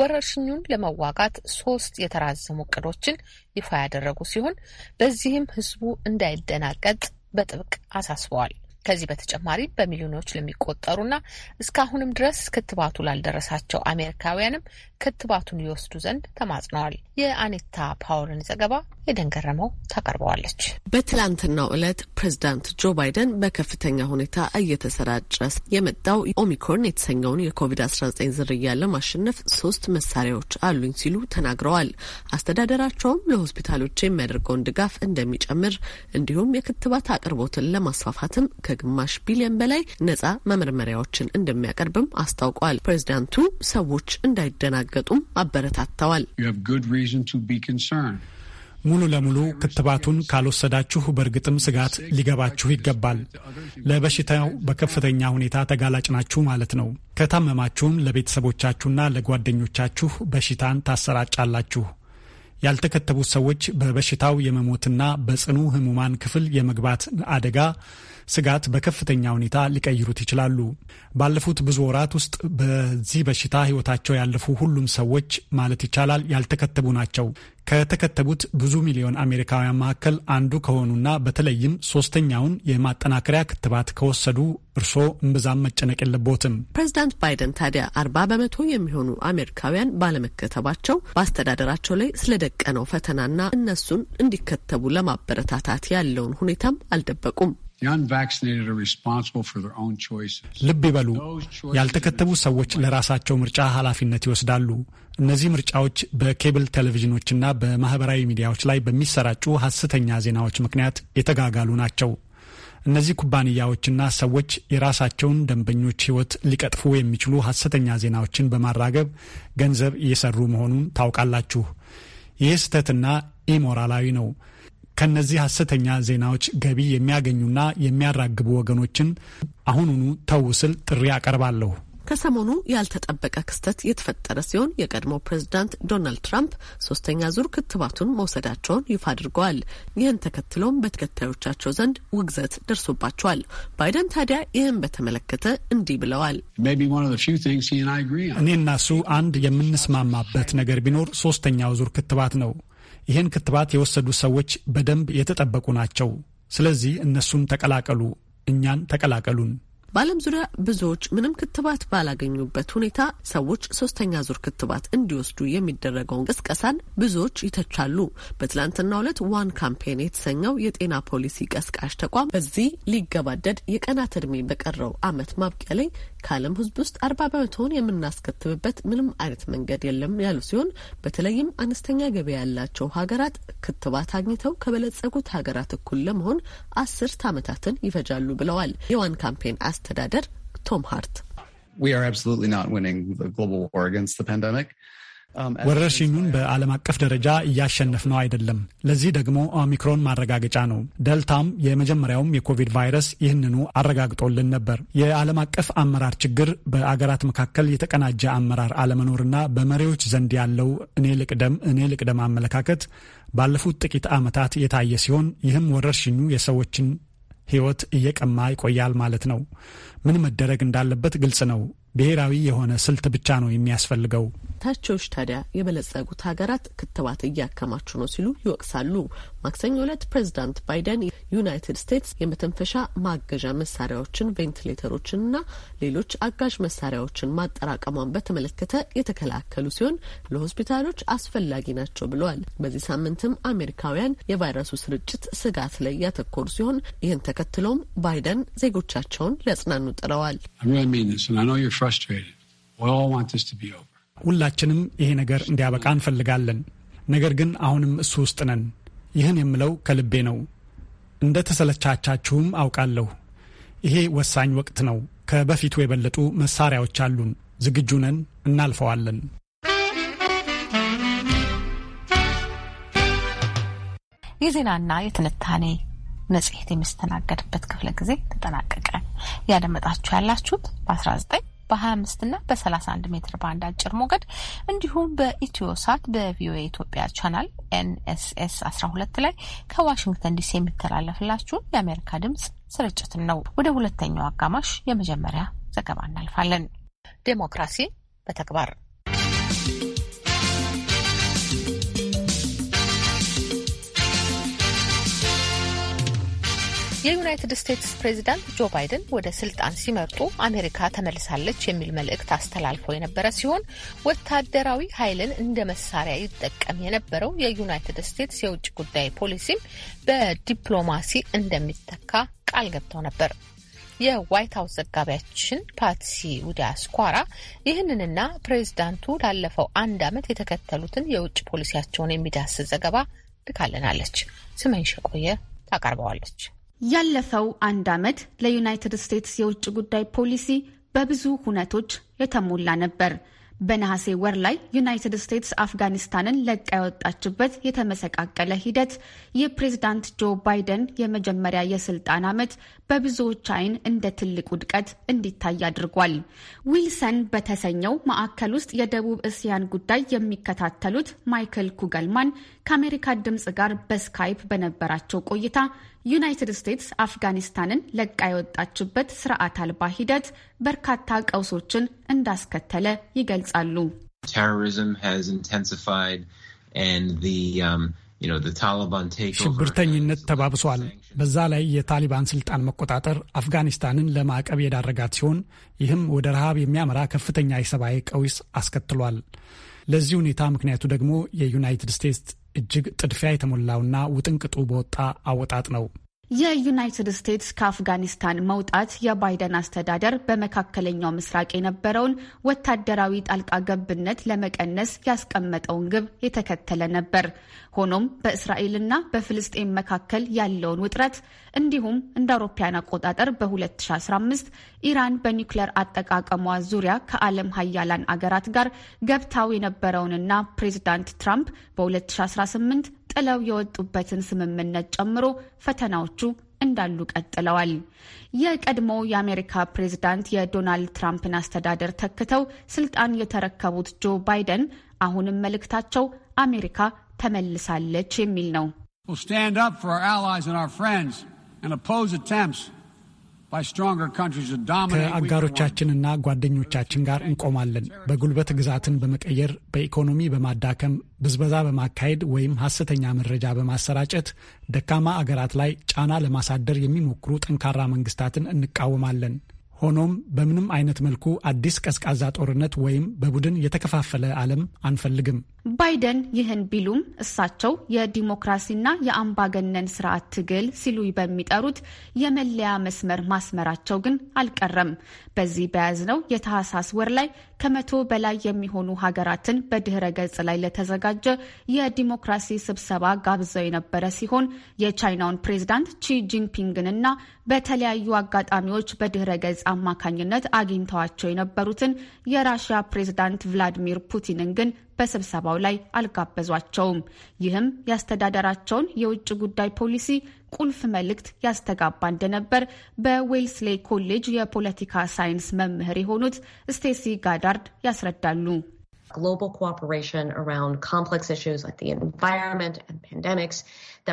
ወረርሽኙን ለመዋጋት ሶስት የተራዘሙ እቅዶችን ይፋ ያደረጉ ሲሆን በዚህም ህዝቡ እንዳይደናቀጥ በጥብቅ አሳስበዋል። ከዚህ በተጨማሪ በሚሊዮኖች ለሚቆጠሩና እስካሁንም ድረስ ክትባቱ ላልደረሳቸው አሜሪካውያንም ክትባቱን ይወስዱ ዘንድ ተማጽነዋል። የአኒታ ፓውልን ዘገባ የደንገረመው ታቀርበዋለች። በትላንትናው ዕለት ፕሬዚዳንት ጆ ባይደን በከፍተኛ ሁኔታ እየተሰራጨ የመጣው ኦሚክሮን የተሰኘውን የኮቪድ-19 ዝርያ ለማሸነፍ ሶስት መሳሪያዎች አሉኝ ሲሉ ተናግረዋል። አስተዳደራቸውም ለሆስፒታሎች የሚያደርገውን ድጋፍ እንደሚጨምር እንዲሁም የክትባት አቅርቦትን ለማስፋፋትም ከግማሽ ቢሊዮን በላይ ነጻ መመርመሪያዎችን እንደሚያቀርብም አስታውቋል። ፕሬዚዳንቱ ሰዎች እንዳይደናገጡም አበረታተዋል። ሙሉ ለሙሉ ክትባቱን ካልወሰዳችሁ በእርግጥም ስጋት ሊገባችሁ ይገባል። ለበሽታው በከፍተኛ ሁኔታ ተጋላጭ ናችሁ ማለት ነው። ከታመማችሁም ለቤተሰቦቻችሁና ለጓደኞቻችሁ በሽታን ታሰራጫላችሁ። ያልተከተቡት ሰዎች በበሽታው የመሞትና በጽኑ ሕሙማን ክፍል የመግባት አደጋ ስጋት በከፍተኛ ሁኔታ ሊቀይሩት ይችላሉ። ባለፉት ብዙ ወራት ውስጥ በዚህ በሽታ ህይወታቸው ያለፉ ሁሉም ሰዎች ማለት ይቻላል ያልተከተቡ ናቸው። ከተከተቡት ብዙ ሚሊዮን አሜሪካውያን መካከል አንዱ ከሆኑና በተለይም ሶስተኛውን የማጠናከሪያ ክትባት ከወሰዱ እርስዎ እምብዛም መጨነቅ የለቦትም። ፕሬዚዳንት ባይደን ታዲያ አርባ በመቶ የሚሆኑ አሜሪካውያን ባለመከተባቸው በአስተዳደራቸው ላይ ስለደቀነው ፈተናና እነሱን እንዲከተቡ ለማበረታታት ያለውን ሁኔታም አልደበቁም። ልብ ይበሉ፣ ያልተከተቡ ሰዎች ለራሳቸው ምርጫ ኃላፊነት ይወስዳሉ። እነዚህ ምርጫዎች በኬብል ቴሌቪዥኖችና በማህበራዊ ሚዲያዎች ላይ በሚሰራጩ ሐሰተኛ ዜናዎች ምክንያት የተጋጋሉ ናቸው። እነዚህ ኩባንያዎችና ሰዎች የራሳቸውን ደንበኞች ሕይወት ሊቀጥፉ የሚችሉ ሐሰተኛ ዜናዎችን በማራገብ ገንዘብ እየሰሩ መሆኑን ታውቃላችሁ። ይህ ስህተትና ኢሞራላዊ ነው። ከነዚህ ሐሰተኛ ዜናዎች ገቢ የሚያገኙና የሚያራግቡ ወገኖችን አሁኑኑ ተው ስል ጥሪ አቀርባለሁ። ከሰሞኑ ያልተጠበቀ ክስተት የተፈጠረ ሲሆን የቀድሞ ፕሬዝዳንት ዶናልድ ትራምፕ ሶስተኛ ዙር ክትባቱን መውሰዳቸውን ይፋ አድርገዋል። ይህን ተከትሎም በተከታዮቻቸው ዘንድ ውግዘት ደርሶባቸዋል። ባይደን ታዲያ ይህን በተመለከተ እንዲህ ብለዋል። እኔና እሱ አንድ የምንስማማበት ነገር ቢኖር ሶስተኛው ዙር ክትባት ነው። ይህን ክትባት የወሰዱ ሰዎች በደንብ የተጠበቁ ናቸው። ስለዚህ እነሱን ተቀላቀሉ፣ እኛን ተቀላቀሉን። በዓለም ዙሪያ ብዙዎች ምንም ክትባት ባላገኙበት ሁኔታ ሰዎች ሶስተኛ ዙር ክትባት እንዲወስዱ የሚደረገውን ቅስቀሳን ብዙዎች ይተቻሉ። በትላንትናው ዕለት ዋን ካምፔን የተሰኘው የጤና ፖሊሲ ቀስቃሽ ተቋም በዚህ ሊገባደድ የቀናት እድሜ በቀረው ዓመት ማብቂያ ላይ ከዓለም ሕዝብ ውስጥ አርባ በመቶውን የምናስከትብበት ምንም አይነት መንገድ የለም ያሉ ሲሆን በተለይም አነስተኛ ገቢ ያላቸው ሀገራት ክትባት አግኝተው ከበለጸጉት ሀገራት እኩል ለመሆን አስርት ዓመታትን ይፈጃሉ ብለዋል። የዋን ካምፔን አስተዳደር ቶም ሃርት We are absolutely not winning the global war against the pandemic. Um, ወረርሽኙን በዓለም አቀፍ ደረጃ እያሸነፍ ነው አይደለም። ለዚህ ደግሞ ኦሚክሮን ማረጋገጫ ነው። ደልታም የመጀመሪያውም የኮቪድ ቫይረስ ይህንኑ አረጋግጦልን ነበር። የዓለም አቀፍ አመራር ችግር በአገራት መካከል የተቀናጀ አመራር አለመኖርና በመሪዎች ዘንድ ያለው እኔ ልቅደም እኔ ልቅደም አመለካከት ባለፉት ጥቂት ዓመታት የታየ ሲሆን ይህም ወረርሽኙ የሰዎችን ሕይወት እየቀማ ይቆያል ማለት ነው። ምን መደረግ እንዳለበት ግልጽ ነው። ብሔራዊ የሆነ ስልት ብቻ ነው የሚያስፈልገው። ታቸውሽ ታዲያ የበለጸጉት ሀገራት ክትባት እያከማቹ ነው ሲሉ ይወቅሳሉ። ማክሰኞ ዕለት ፕሬዚዳንት ባይደን ዩናይትድ ስቴትስ የመተንፈሻ ማገዣ መሳሪያዎችን፣ ቬንቲሌተሮችንና ሌሎች አጋዥ መሳሪያዎችን ማጠራቀሟን በተመለከተ የተከላከሉ ሲሆን ለሆስፒታሎች አስፈላጊ ናቸው ብለዋል። በዚህ ሳምንትም አሜሪካውያን የቫይረሱ ስርጭት ስጋት ላይ ያተኮሩ ሲሆን ይህን ተከትሎም ባይደን ዜጎቻቸውን ሊያጽናኑ ጥረዋል። ሁላችንም ይሄ ነገር እንዲያበቃ እንፈልጋለን። ነገር ግን አሁንም እሱ ውስጥ ነን። ይህን የምለው ከልቤ ነው። እንደ ተሰለቻቻችሁም አውቃለሁ። ይሄ ወሳኝ ወቅት ነው። ከበፊቱ የበለጡ መሳሪያዎች አሉን። ዝግጁ ነን። እናልፈዋለን። የዜናና የትንታኔ መጽሔት የሚስተናገድበት ክፍለ ጊዜ ተጠናቀቀ። ያደመጣችሁ ያላችሁት በ19 በ25 እና በ31 ሜትር ባንድ አጭር ሞገድ እንዲሁም በኢትዮ ሳት በቪኦኤ ኢትዮጵያ ቻናል ኤንኤስኤስ 12 ላይ ከዋሽንግተን ዲሲ የሚተላለፍላችሁን የአሜሪካ ድምጽ ስርጭትን ነው። ወደ ሁለተኛው አጋማሽ የመጀመሪያ ዘገባ እናልፋለን። ዴሞክራሲ በተግባር የዩናይትድ ስቴትስ ፕሬዚዳንት ጆ ባይደን ወደ ስልጣን ሲመርጡ አሜሪካ ተመልሳለች የሚል መልእክት አስተላልፎ የነበረ ሲሆን ወታደራዊ ኃይልን እንደ መሳሪያ ይጠቀም የነበረው የዩናይትድ ስቴትስ የውጭ ጉዳይ ፖሊሲም በዲፕሎማሲ እንደሚተካ ቃል ገብተው ነበር። የዋይት ሀውስ ዘጋቢያችን ፓትሲ ውዲያስኳራ ይህንንና ፕሬዚዳንቱ ላለፈው አንድ ዓመት የተከተሉትን የውጭ ፖሊሲያቸውን የሚዳስስ ዘገባ ልካልናለች። ስመኝሽ ቆየ ታቀርበዋለች። ያለፈው አንድ ዓመት ለዩናይትድ ስቴትስ የውጭ ጉዳይ ፖሊሲ በብዙ ሁነቶች የተሞላ ነበር። በነሐሴ ወር ላይ ዩናይትድ ስቴትስ አፍጋኒስታንን ለቃ ያወጣችበት የተመሰቃቀለ ሂደት የፕሬዝዳንት ጆ ባይደን የመጀመሪያ የስልጣን ዓመት በብዙዎች ዓይን እንደ ትልቅ ውድቀት እንዲታይ አድርጓል። ዊልሰን በተሰኘው ማዕከል ውስጥ የደቡብ እስያን ጉዳይ የሚከታተሉት ማይክል ኩገልማን ከአሜሪካ ድምፅ ጋር በስካይፕ በነበራቸው ቆይታ ዩናይትድ ስቴትስ አፍጋኒስታንን ለቃ የወጣችበት ስርዓት አልባ ሂደት በርካታ ቀውሶችን እንዳስከተለ ይገልጻሉ። um, ሽብርተኝነት ተባብሷል። በዛ ላይ የታሊባን ስልጣን መቆጣጠር አፍጋኒስታንን ለማዕቀብ የዳረጋት ሲሆን ይህም ወደ ረሃብ የሚያመራ ከፍተኛ የሰብአዊ ቀውስ አስከትሏል። ለዚህ ሁኔታ ምክንያቱ ደግሞ የዩናይትድ ስቴትስ እጅግ ጥድፊያ የተሞላውና ውጥንቅጡ በወጣ አወጣጥ ነው። የዩናይትድ ስቴትስ ከአፍጋኒስታን መውጣት የባይደን አስተዳደር በመካከለኛው ምስራቅ የነበረውን ወታደራዊ ጣልቃ ገብነት ለመቀነስ ያስቀመጠውን ግብ የተከተለ ነበር። ሆኖም በእስራኤልና በፍልስጤም መካከል ያለውን ውጥረት እንዲሁም እንደ አውሮፓያን አቆጣጠር በ2015 ኢራን በኒውክሌር አጠቃቀሟ ዙሪያ ከዓለም ሀያላን አገራት ጋር ገብታው የነበረውንና ፕሬዚዳንት ትራምፕ በ2018 ጥለው የወጡበትን ስምምነት ጨምሮ ፈተናዎቹ እንዳሉ ቀጥለዋል። የቀድሞ የአሜሪካ ፕሬዝዳንት የዶናልድ ትራምፕን አስተዳደር ተክተው ስልጣን የተረከቡት ጆ ባይደን አሁንም መልእክታቸው አሜሪካ ተመልሳለች የሚል ነው። ከአጋሮቻችንና ጓደኞቻችን ጋር እንቆማለን። በጉልበት ግዛትን በመቀየር በኢኮኖሚ በማዳከም ብዝበዛ በማካሄድ ወይም ሐሰተኛ መረጃ በማሰራጨት ደካማ አገራት ላይ ጫና ለማሳደር የሚሞክሩ ጠንካራ መንግስታትን እንቃወማለን። ሆኖም በምንም አይነት መልኩ አዲስ ቀዝቃዛ ጦርነት ወይም በቡድን የተከፋፈለ ዓለም አንፈልግም። ባይደን ይህን ቢሉም እሳቸው የዲሞክራሲና የአምባገነን ስርዓት ትግል ሲሉ በሚጠሩት የመለያ መስመር ማስመራቸው ግን አልቀረም። በዚህ በያዝነው የታህሳስ ወር ላይ ከመቶ በላይ የሚሆኑ ሀገራትን በድህረ ገጽ ላይ ለተዘጋጀ የዲሞክራሲ ስብሰባ ጋብዘው የነበረ ሲሆን የቻይናውን ፕሬዝዳንት ቺ ጂንፒንግንና በተለያዩ አጋጣሚዎች በድህረ ገጽ አማካኝነት አግኝተዋቸው የነበሩትን የራሽያ ፕሬዝዳንት ቭላዲሚር ፑቲንን ግን በስብሰባው ላይ አልጋበዟቸውም። ይህም የአስተዳደራቸውን የውጭ ጉዳይ ፖሊሲ ቁልፍ መልእክት ያስተጋባ እንደነበር በዌልስሌይ ኮሌጅ የፖለቲካ ሳይንስ መምህር የሆኑት ስቴሲ ጋዳርድ ያስረዳሉ።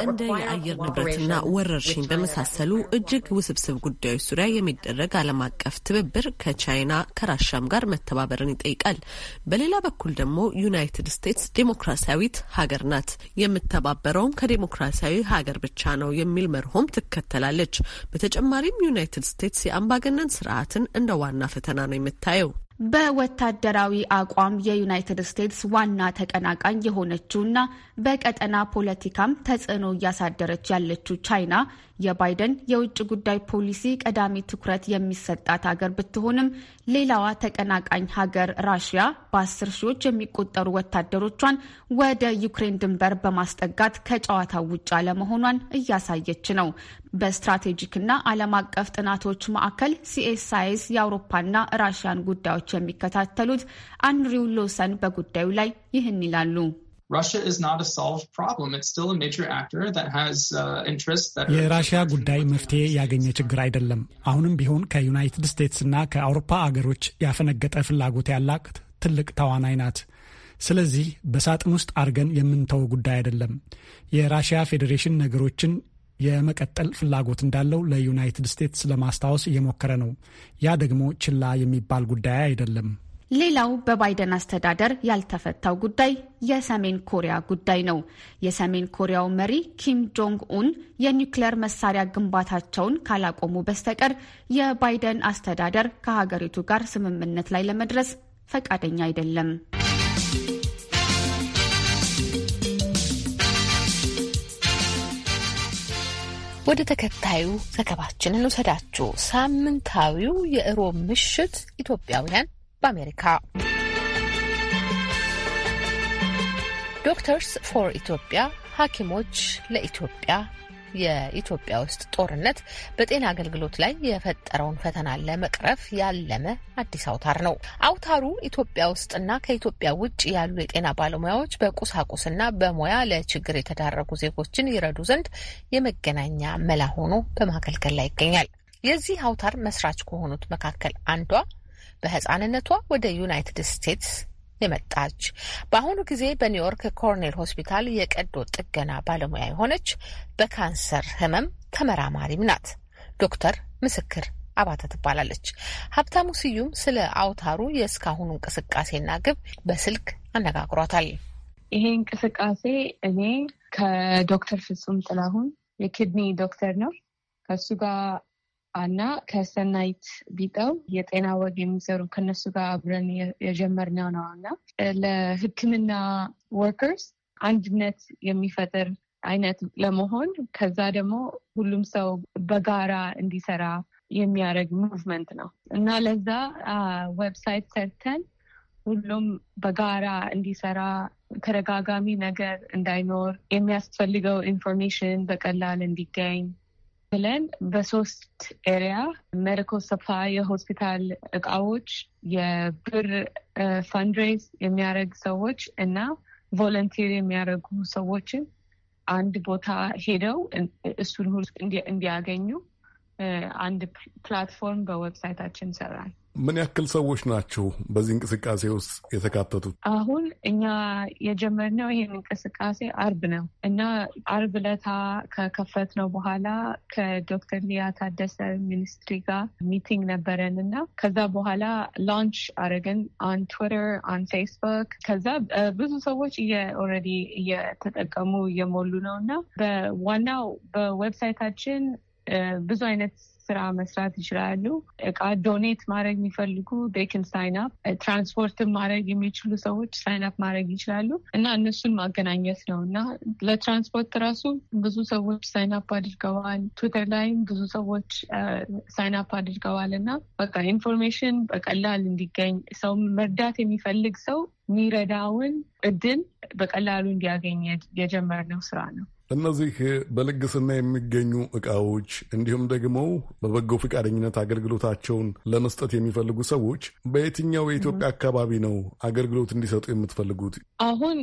እንደ የአየር ንብረትና ወረርሽኝ በመሳሰሉ እጅግ ውስብስብ ጉዳዮች ዙሪያ የሚደረግ ዓለም አቀፍ ትብብር ከቻይና ከራሻም ጋር መተባበርን ይጠይቃል። በሌላ በኩል ደግሞ ዩናይትድ ስቴትስ ዴሞክራሲያዊት ሀገር ናት። የምተባበረውም ከዴሞክራሲያዊ ሀገር ብቻ ነው የሚል መርሆም ትከተላለች። በተጨማሪም ዩናይትድ ስቴትስ የአምባገነን ስርዓትን እንደ ዋና ፈተና ነው የምታየው። በወታደራዊ አቋም የዩናይትድ ስቴትስ ዋና ተቀናቃኝ የሆነችውና በቀጠና ፖለቲካም ተጽዕኖ እያሳደረች ያለችው ቻይና የባይደን የውጭ ጉዳይ ፖሊሲ ቀዳሚ ትኩረት የሚሰጣት ሀገር ብትሆንም ሌላዋ ተቀናቃኝ ሀገር ራሽያ በአስር ሺዎች የሚቆጠሩ ወታደሮቿን ወደ ዩክሬን ድንበር በማስጠጋት ከጨዋታው ውጭ አለመሆኗን እያሳየች ነው። በስትራቴጂክና ዓለም አቀፍ ጥናቶች ማዕከል ሲኤስአይስ የአውሮፓና ራሽያን ጉዳዮች የሚከታተሉት አንድሪው ሎሰን በጉዳዩ ላይ ይህን ይላሉ። Uh, የራሽያ ጉዳይ መፍትሄ ያገኘ ችግር አይደለም። አሁንም ቢሆን ከዩናይትድ ስቴትስ እና ከአውሮፓ አገሮች ያፈነገጠ ፍላጎት ያላት ትልቅ ተዋናይ ናት። ስለዚህ በሳጥን ውስጥ አድርገን የምንተው ጉዳይ አይደለም። የራሽያ ፌዴሬሽን ነገሮችን የመቀጠል ፍላጎት እንዳለው ለዩናይትድ ስቴትስ ለማስታወስ እየሞከረ ነው። ያ ደግሞ ችላ የሚባል ጉዳይ አይደለም። ሌላው በባይደን አስተዳደር ያልተፈታው ጉዳይ የሰሜን ኮሪያ ጉዳይ ነው። የሰሜን ኮሪያው መሪ ኪም ጆንግ ኡን የኒውክሌር መሳሪያ ግንባታቸውን ካላቆሙ በስተቀር የባይደን አስተዳደር ከሀገሪቱ ጋር ስምምነት ላይ ለመድረስ ፈቃደኛ አይደለም። ወደ ተከታዩ ዘገባችንን ውሰዳችሁ። ሳምንታዊው የእሮብ ምሽት ኢትዮጵያውያን በአሜሪካ ዶክተርስ ፎር ኢትዮጵያ ሐኪሞች ለኢትዮጵያ የኢትዮጵያ ውስጥ ጦርነት በጤና አገልግሎት ላይ የፈጠረውን ፈተና ለመቅረፍ ያለመ አዲስ አውታር ነው። አውታሩ ኢትዮጵያ ውስጥና ከኢትዮጵያ ውጭ ያሉ የጤና ባለሙያዎች በቁሳቁስና በሙያ ለችግር የተዳረጉ ዜጎችን ይረዱ ዘንድ የመገናኛ መላ ሆኖ በማገልገል ላይ ይገኛል። የዚህ አውታር መስራች ከሆኑት መካከል አንዷ በህፃንነቷ ወደ ዩናይትድ ስቴትስ የመጣች በአሁኑ ጊዜ በኒውዮርክ ኮርኔል ሆስፒታል የቀዶ ጥገና ባለሙያ የሆነች በካንሰር ህመም ተመራማሪም ናት። ዶክተር ምስክር አባተ ትባላለች። ሀብታሙ ስዩም ስለ አውታሩ የእስካሁኑ እንቅስቃሴና ግብ በስልክ አነጋግሯታል። ይሄ እንቅስቃሴ እኔ ከዶክተር ፍጹም ጥላሁን የኪድኒ ዶክተር ነው ከእሱ ጋር እና ከሰናይት ቢጠው የጤና ወግ የሚሰሩ ከነሱ ጋር አብረን የጀመርነው ነው እና ለሕክምና ወርከርስ አንድነት የሚፈጥር አይነት ለመሆን ከዛ ደግሞ ሁሉም ሰው በጋራ እንዲሰራ የሚያደርግ ሙቭመንት ነው እና ለዛ ዌብሳይት ሰርተን ሁሉም በጋራ እንዲሰራ ተደጋጋሚ ነገር እንዳይኖር የሚያስፈልገው ኢንፎርሜሽን በቀላል እንዲገኝ ብለን በሶስት ኤሪያ ሜዲካል ሰፕላይ የሆስፒታል እቃዎች፣ የብር ፋንድሬዝ የሚያደርግ ሰዎች እና ቮለንቲር የሚያደርጉ ሰዎችን አንድ ቦታ ሄደው እሱን ሁሉ እንዲያገኙ አንድ ፕላትፎርም በዌብሳይታችን ሰራል። ምን ያክል ሰዎች ናቸው በዚህ እንቅስቃሴ ውስጥ የተካተቱት? አሁን እኛ የጀመርነው ይህን እንቅስቃሴ አርብ ነው እና አርብ ለታ ከከፈት ነው በኋላ ከዶክተር ሊያ ታደሰ ሚኒስትሪ ጋር ሚቲንግ ነበረን እና ከዛ በኋላ ላንች አረግን አን ትዊተር አን ፌስቡክ። ከዛ ብዙ ሰዎች ኦልሬዲ እየተጠቀሙ እየሞሉ ነው እና በዋናው በዌብሳይታችን ብዙ አይነት ስራ መስራት ይችላሉ። እቃ ዶኔት ማድረግ የሚፈልጉ ቤክን ሳይንፕ ትራንስፖርትን ማድረግ የሚችሉ ሰዎች ሳይናፕ ማድረግ ይችላሉ እና እነሱን ማገናኘት ነው እና ለትራንስፖርት ራሱ ብዙ ሰዎች ሳይናፕ አድርገዋል። ትዊተር ላይም ብዙ ሰዎች ሳይናፕ አድርገዋል እና በቃ ኢንፎርሜሽን በቀላል እንዲገኝ ሰው መርዳት የሚፈልግ ሰው የሚረዳውን እድል በቀላሉ እንዲያገኝ የጀመርነው ስራ ነው። እነዚህ በልግስና የሚገኙ እቃዎች እንዲሁም ደግሞ በበጎ ፈቃደኝነት አገልግሎታቸውን ለመስጠት የሚፈልጉ ሰዎች በየትኛው የኢትዮጵያ አካባቢ ነው አገልግሎት እንዲሰጡ የምትፈልጉት? አሁን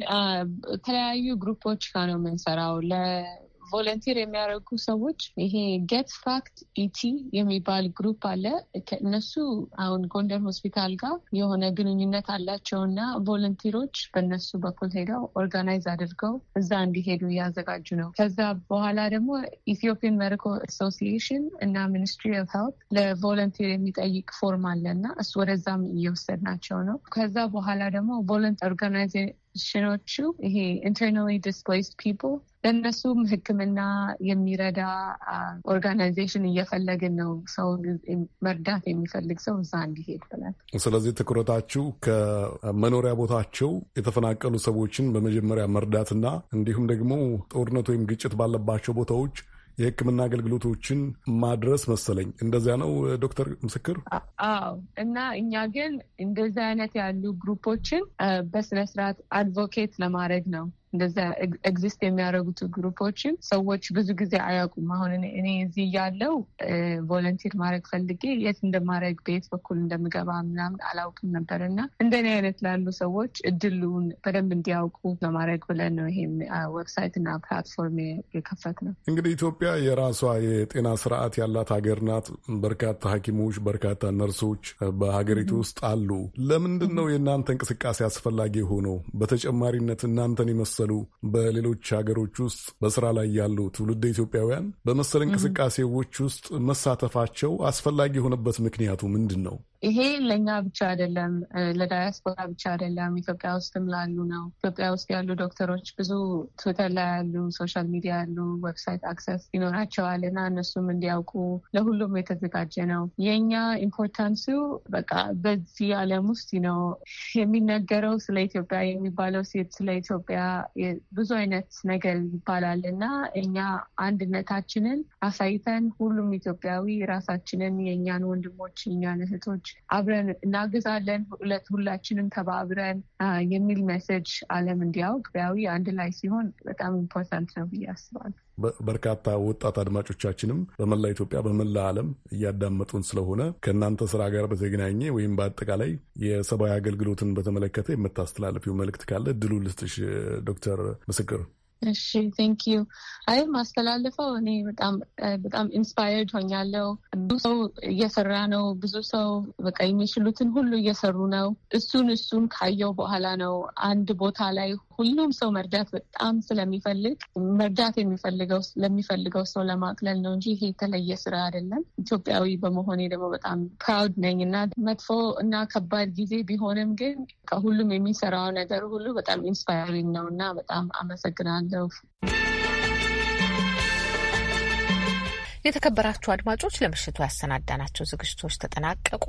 ከተለያዩ ግሩፖች ጋር ነው የምንሰራው ቮለንቲር የሚያደርጉ ሰዎች ይሄ ጌት ፋክት ኢቲ የሚባል ግሩፕ አለ። ከእነሱ አሁን ጎንደር ሆስፒታል ጋር የሆነ ግንኙነት አላቸው እና ቮለንቲሮች በእነሱ በኩል ሄደው ኦርጋናይዝ አድርገው እዛ እንዲሄዱ እያዘጋጁ ነው። ከዛ በኋላ ደግሞ ኢትዮጵያን ሜዲካል አሶሲዬሽን እና ሚኒስትሪ ኦፍ ሄልት ለቮለንቲር የሚጠይቅ ፎርም አለ እና እሱ ወደዛም እየወሰድናቸው ነው። ከዛ በኋላ ደግሞ ቮለንቲር ኦርጋናይዝ ሽኖቹ ይሄ ኢንተርናሊ ዲስፕሌይስድ ፒፕል ለእነሱም ሕክምና የሚረዳ ኦርጋናይዜሽን እየፈለግን ነው። ሰው መርዳት የሚፈልግ ሰው እዛ እንዲሄድ ብለን። ስለዚህ ትኩረታችሁ ከመኖሪያ ቦታቸው የተፈናቀሉ ሰዎችን በመጀመሪያ መርዳትና እንዲሁም ደግሞ ጦርነት ወይም ግጭት ባለባቸው ቦታዎች የህክምና አገልግሎቶችን ማድረስ መሰለኝ። እንደዚያ ነው ዶክተር ምስክር? አዎ። እና እኛ ግን እንደዚህ አይነት ያሉ ግሩፖችን በስነስርዓት አድቮኬት ለማድረግ ነው እንደዛ ኤግዚስት የሚያደርጉት ግሩፖችም ሰዎች ብዙ ጊዜ አያውቁም። አሁን እኔ እዚህ እያለው ቮለንቲር ማድረግ ፈልጌ የት እንደማድረግ በየት በኩል እንደምገባ ምናምን አላውቅም ነበር እና እንደኔ አይነት ላሉ ሰዎች እድሉን በደንብ እንዲያውቁ ለማድረግ ብለን ነው ይሄም ዌብሳይትና ፕላትፎርም የከፈት ነው። እንግዲህ ኢትዮጵያ የራሷ የጤና ስርዓት ያላት ሀገር ናት። በርካታ ሐኪሞች በርካታ ነርሶች በሀገሪቱ ውስጥ አሉ። ለምንድን ነው የእናንተ እንቅስቃሴ አስፈላጊ ሆኖ በተጨማሪነት እናንተን የመሰ የመሰሉ በሌሎች ሀገሮች ውስጥ በስራ ላይ ያሉ ትውልድ ኢትዮጵያውያን በመሰል እንቅስቃሴዎች ውስጥ መሳተፋቸው አስፈላጊ የሆነበት ምክንያቱ ምንድን ነው? ይሄ ለእኛ ብቻ አይደለም፣ ለዳያስፖራ ብቻ አይደለም፣ ኢትዮጵያ ውስጥም ላሉ ነው። ኢትዮጵያ ውስጥ ያሉ ዶክተሮች ብዙ ትዊተር ላይ ያሉ፣ ሶሻል ሚዲያ ያሉ፣ ዌብሳይት አክሰስ ይኖራቸዋል እና እነሱም እንዲያውቁ ለሁሉም የተዘጋጀ ነው። የእኛ ኢምፖርታንሱ በቃ በዚህ ዓለም ውስጥ ነው የሚነገረው ስለ ኢትዮጵያ የሚባለው ሴት ስለ ኢትዮጵያ ብዙ አይነት ነገር ይባላል እና እኛ አንድነታችንን አሳይተን ሁሉም ኢትዮጵያዊ ራሳችንን የእኛን ወንድሞች የእኛን እህቶች አብረን እናግዛለን፣ ሁለት ሁላችንም ተባብረን የሚል ሜሴጅ አለም እንዲያውቅ ቢያዊ አንድ ላይ ሲሆን በጣም ኢምፖርታንት ነው ብዬ አስባለሁ። በርካታ ወጣት አድማጮቻችንም በመላ ኢትዮጵያ በመላ ዓለም እያዳመጡን ስለሆነ ከእናንተ ስራ ጋር በተገናኘ ወይም በአጠቃላይ የሰብአዊ አገልግሎትን በተመለከተ የምታስተላልፊው መልእክት ካለ ድሉ ልስጥሽ ዶክተር ምስክር። እሺ ቴንክ ዩ። አይ ማስተላልፈው እኔ በጣም በጣም ኢንስፓየርድ ሆኛለው። ብዙ ሰው እየሰራ ነው። ብዙ ሰው በቃ የሚችሉትን ሁሉ እየሰሩ ነው። እሱን እሱን ካየው በኋላ ነው አንድ ቦታ ላይ ሁሉም ሰው መርዳት በጣም ስለሚፈልግ መርዳት የሚፈልገው ለሚፈልገው ሰው ለማቅለል ነው እንጂ ይሄ የተለየ ስራ አይደለም። ኢትዮጵያዊ በመሆኔ ደግሞ በጣም ፕራውድ ነኝ እና መጥፎ እና ከባድ ጊዜ ቢሆንም ግን ከሁሉም የሚሰራው ነገር ሁሉ በጣም ኢንስፓይሪንግ ነው እና በጣም አመሰግናለሁ። የተከበራችሁ አድማጮች ለምሽቱ ያሰናዳናቸው ዝግጅቶች ተጠናቀቁ።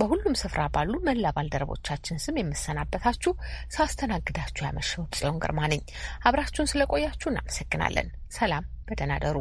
በሁሉም ስፍራ ባሉ መላ ባልደረቦቻችን ስም የምሰናበታችሁ ሳስተናግዳችሁ ያመሸው ጽዮን ግርማ ነኝ። አብራችሁን ስለቆያችሁ እናመሰግናለን። ሰላም፣ በደህና ደሩ።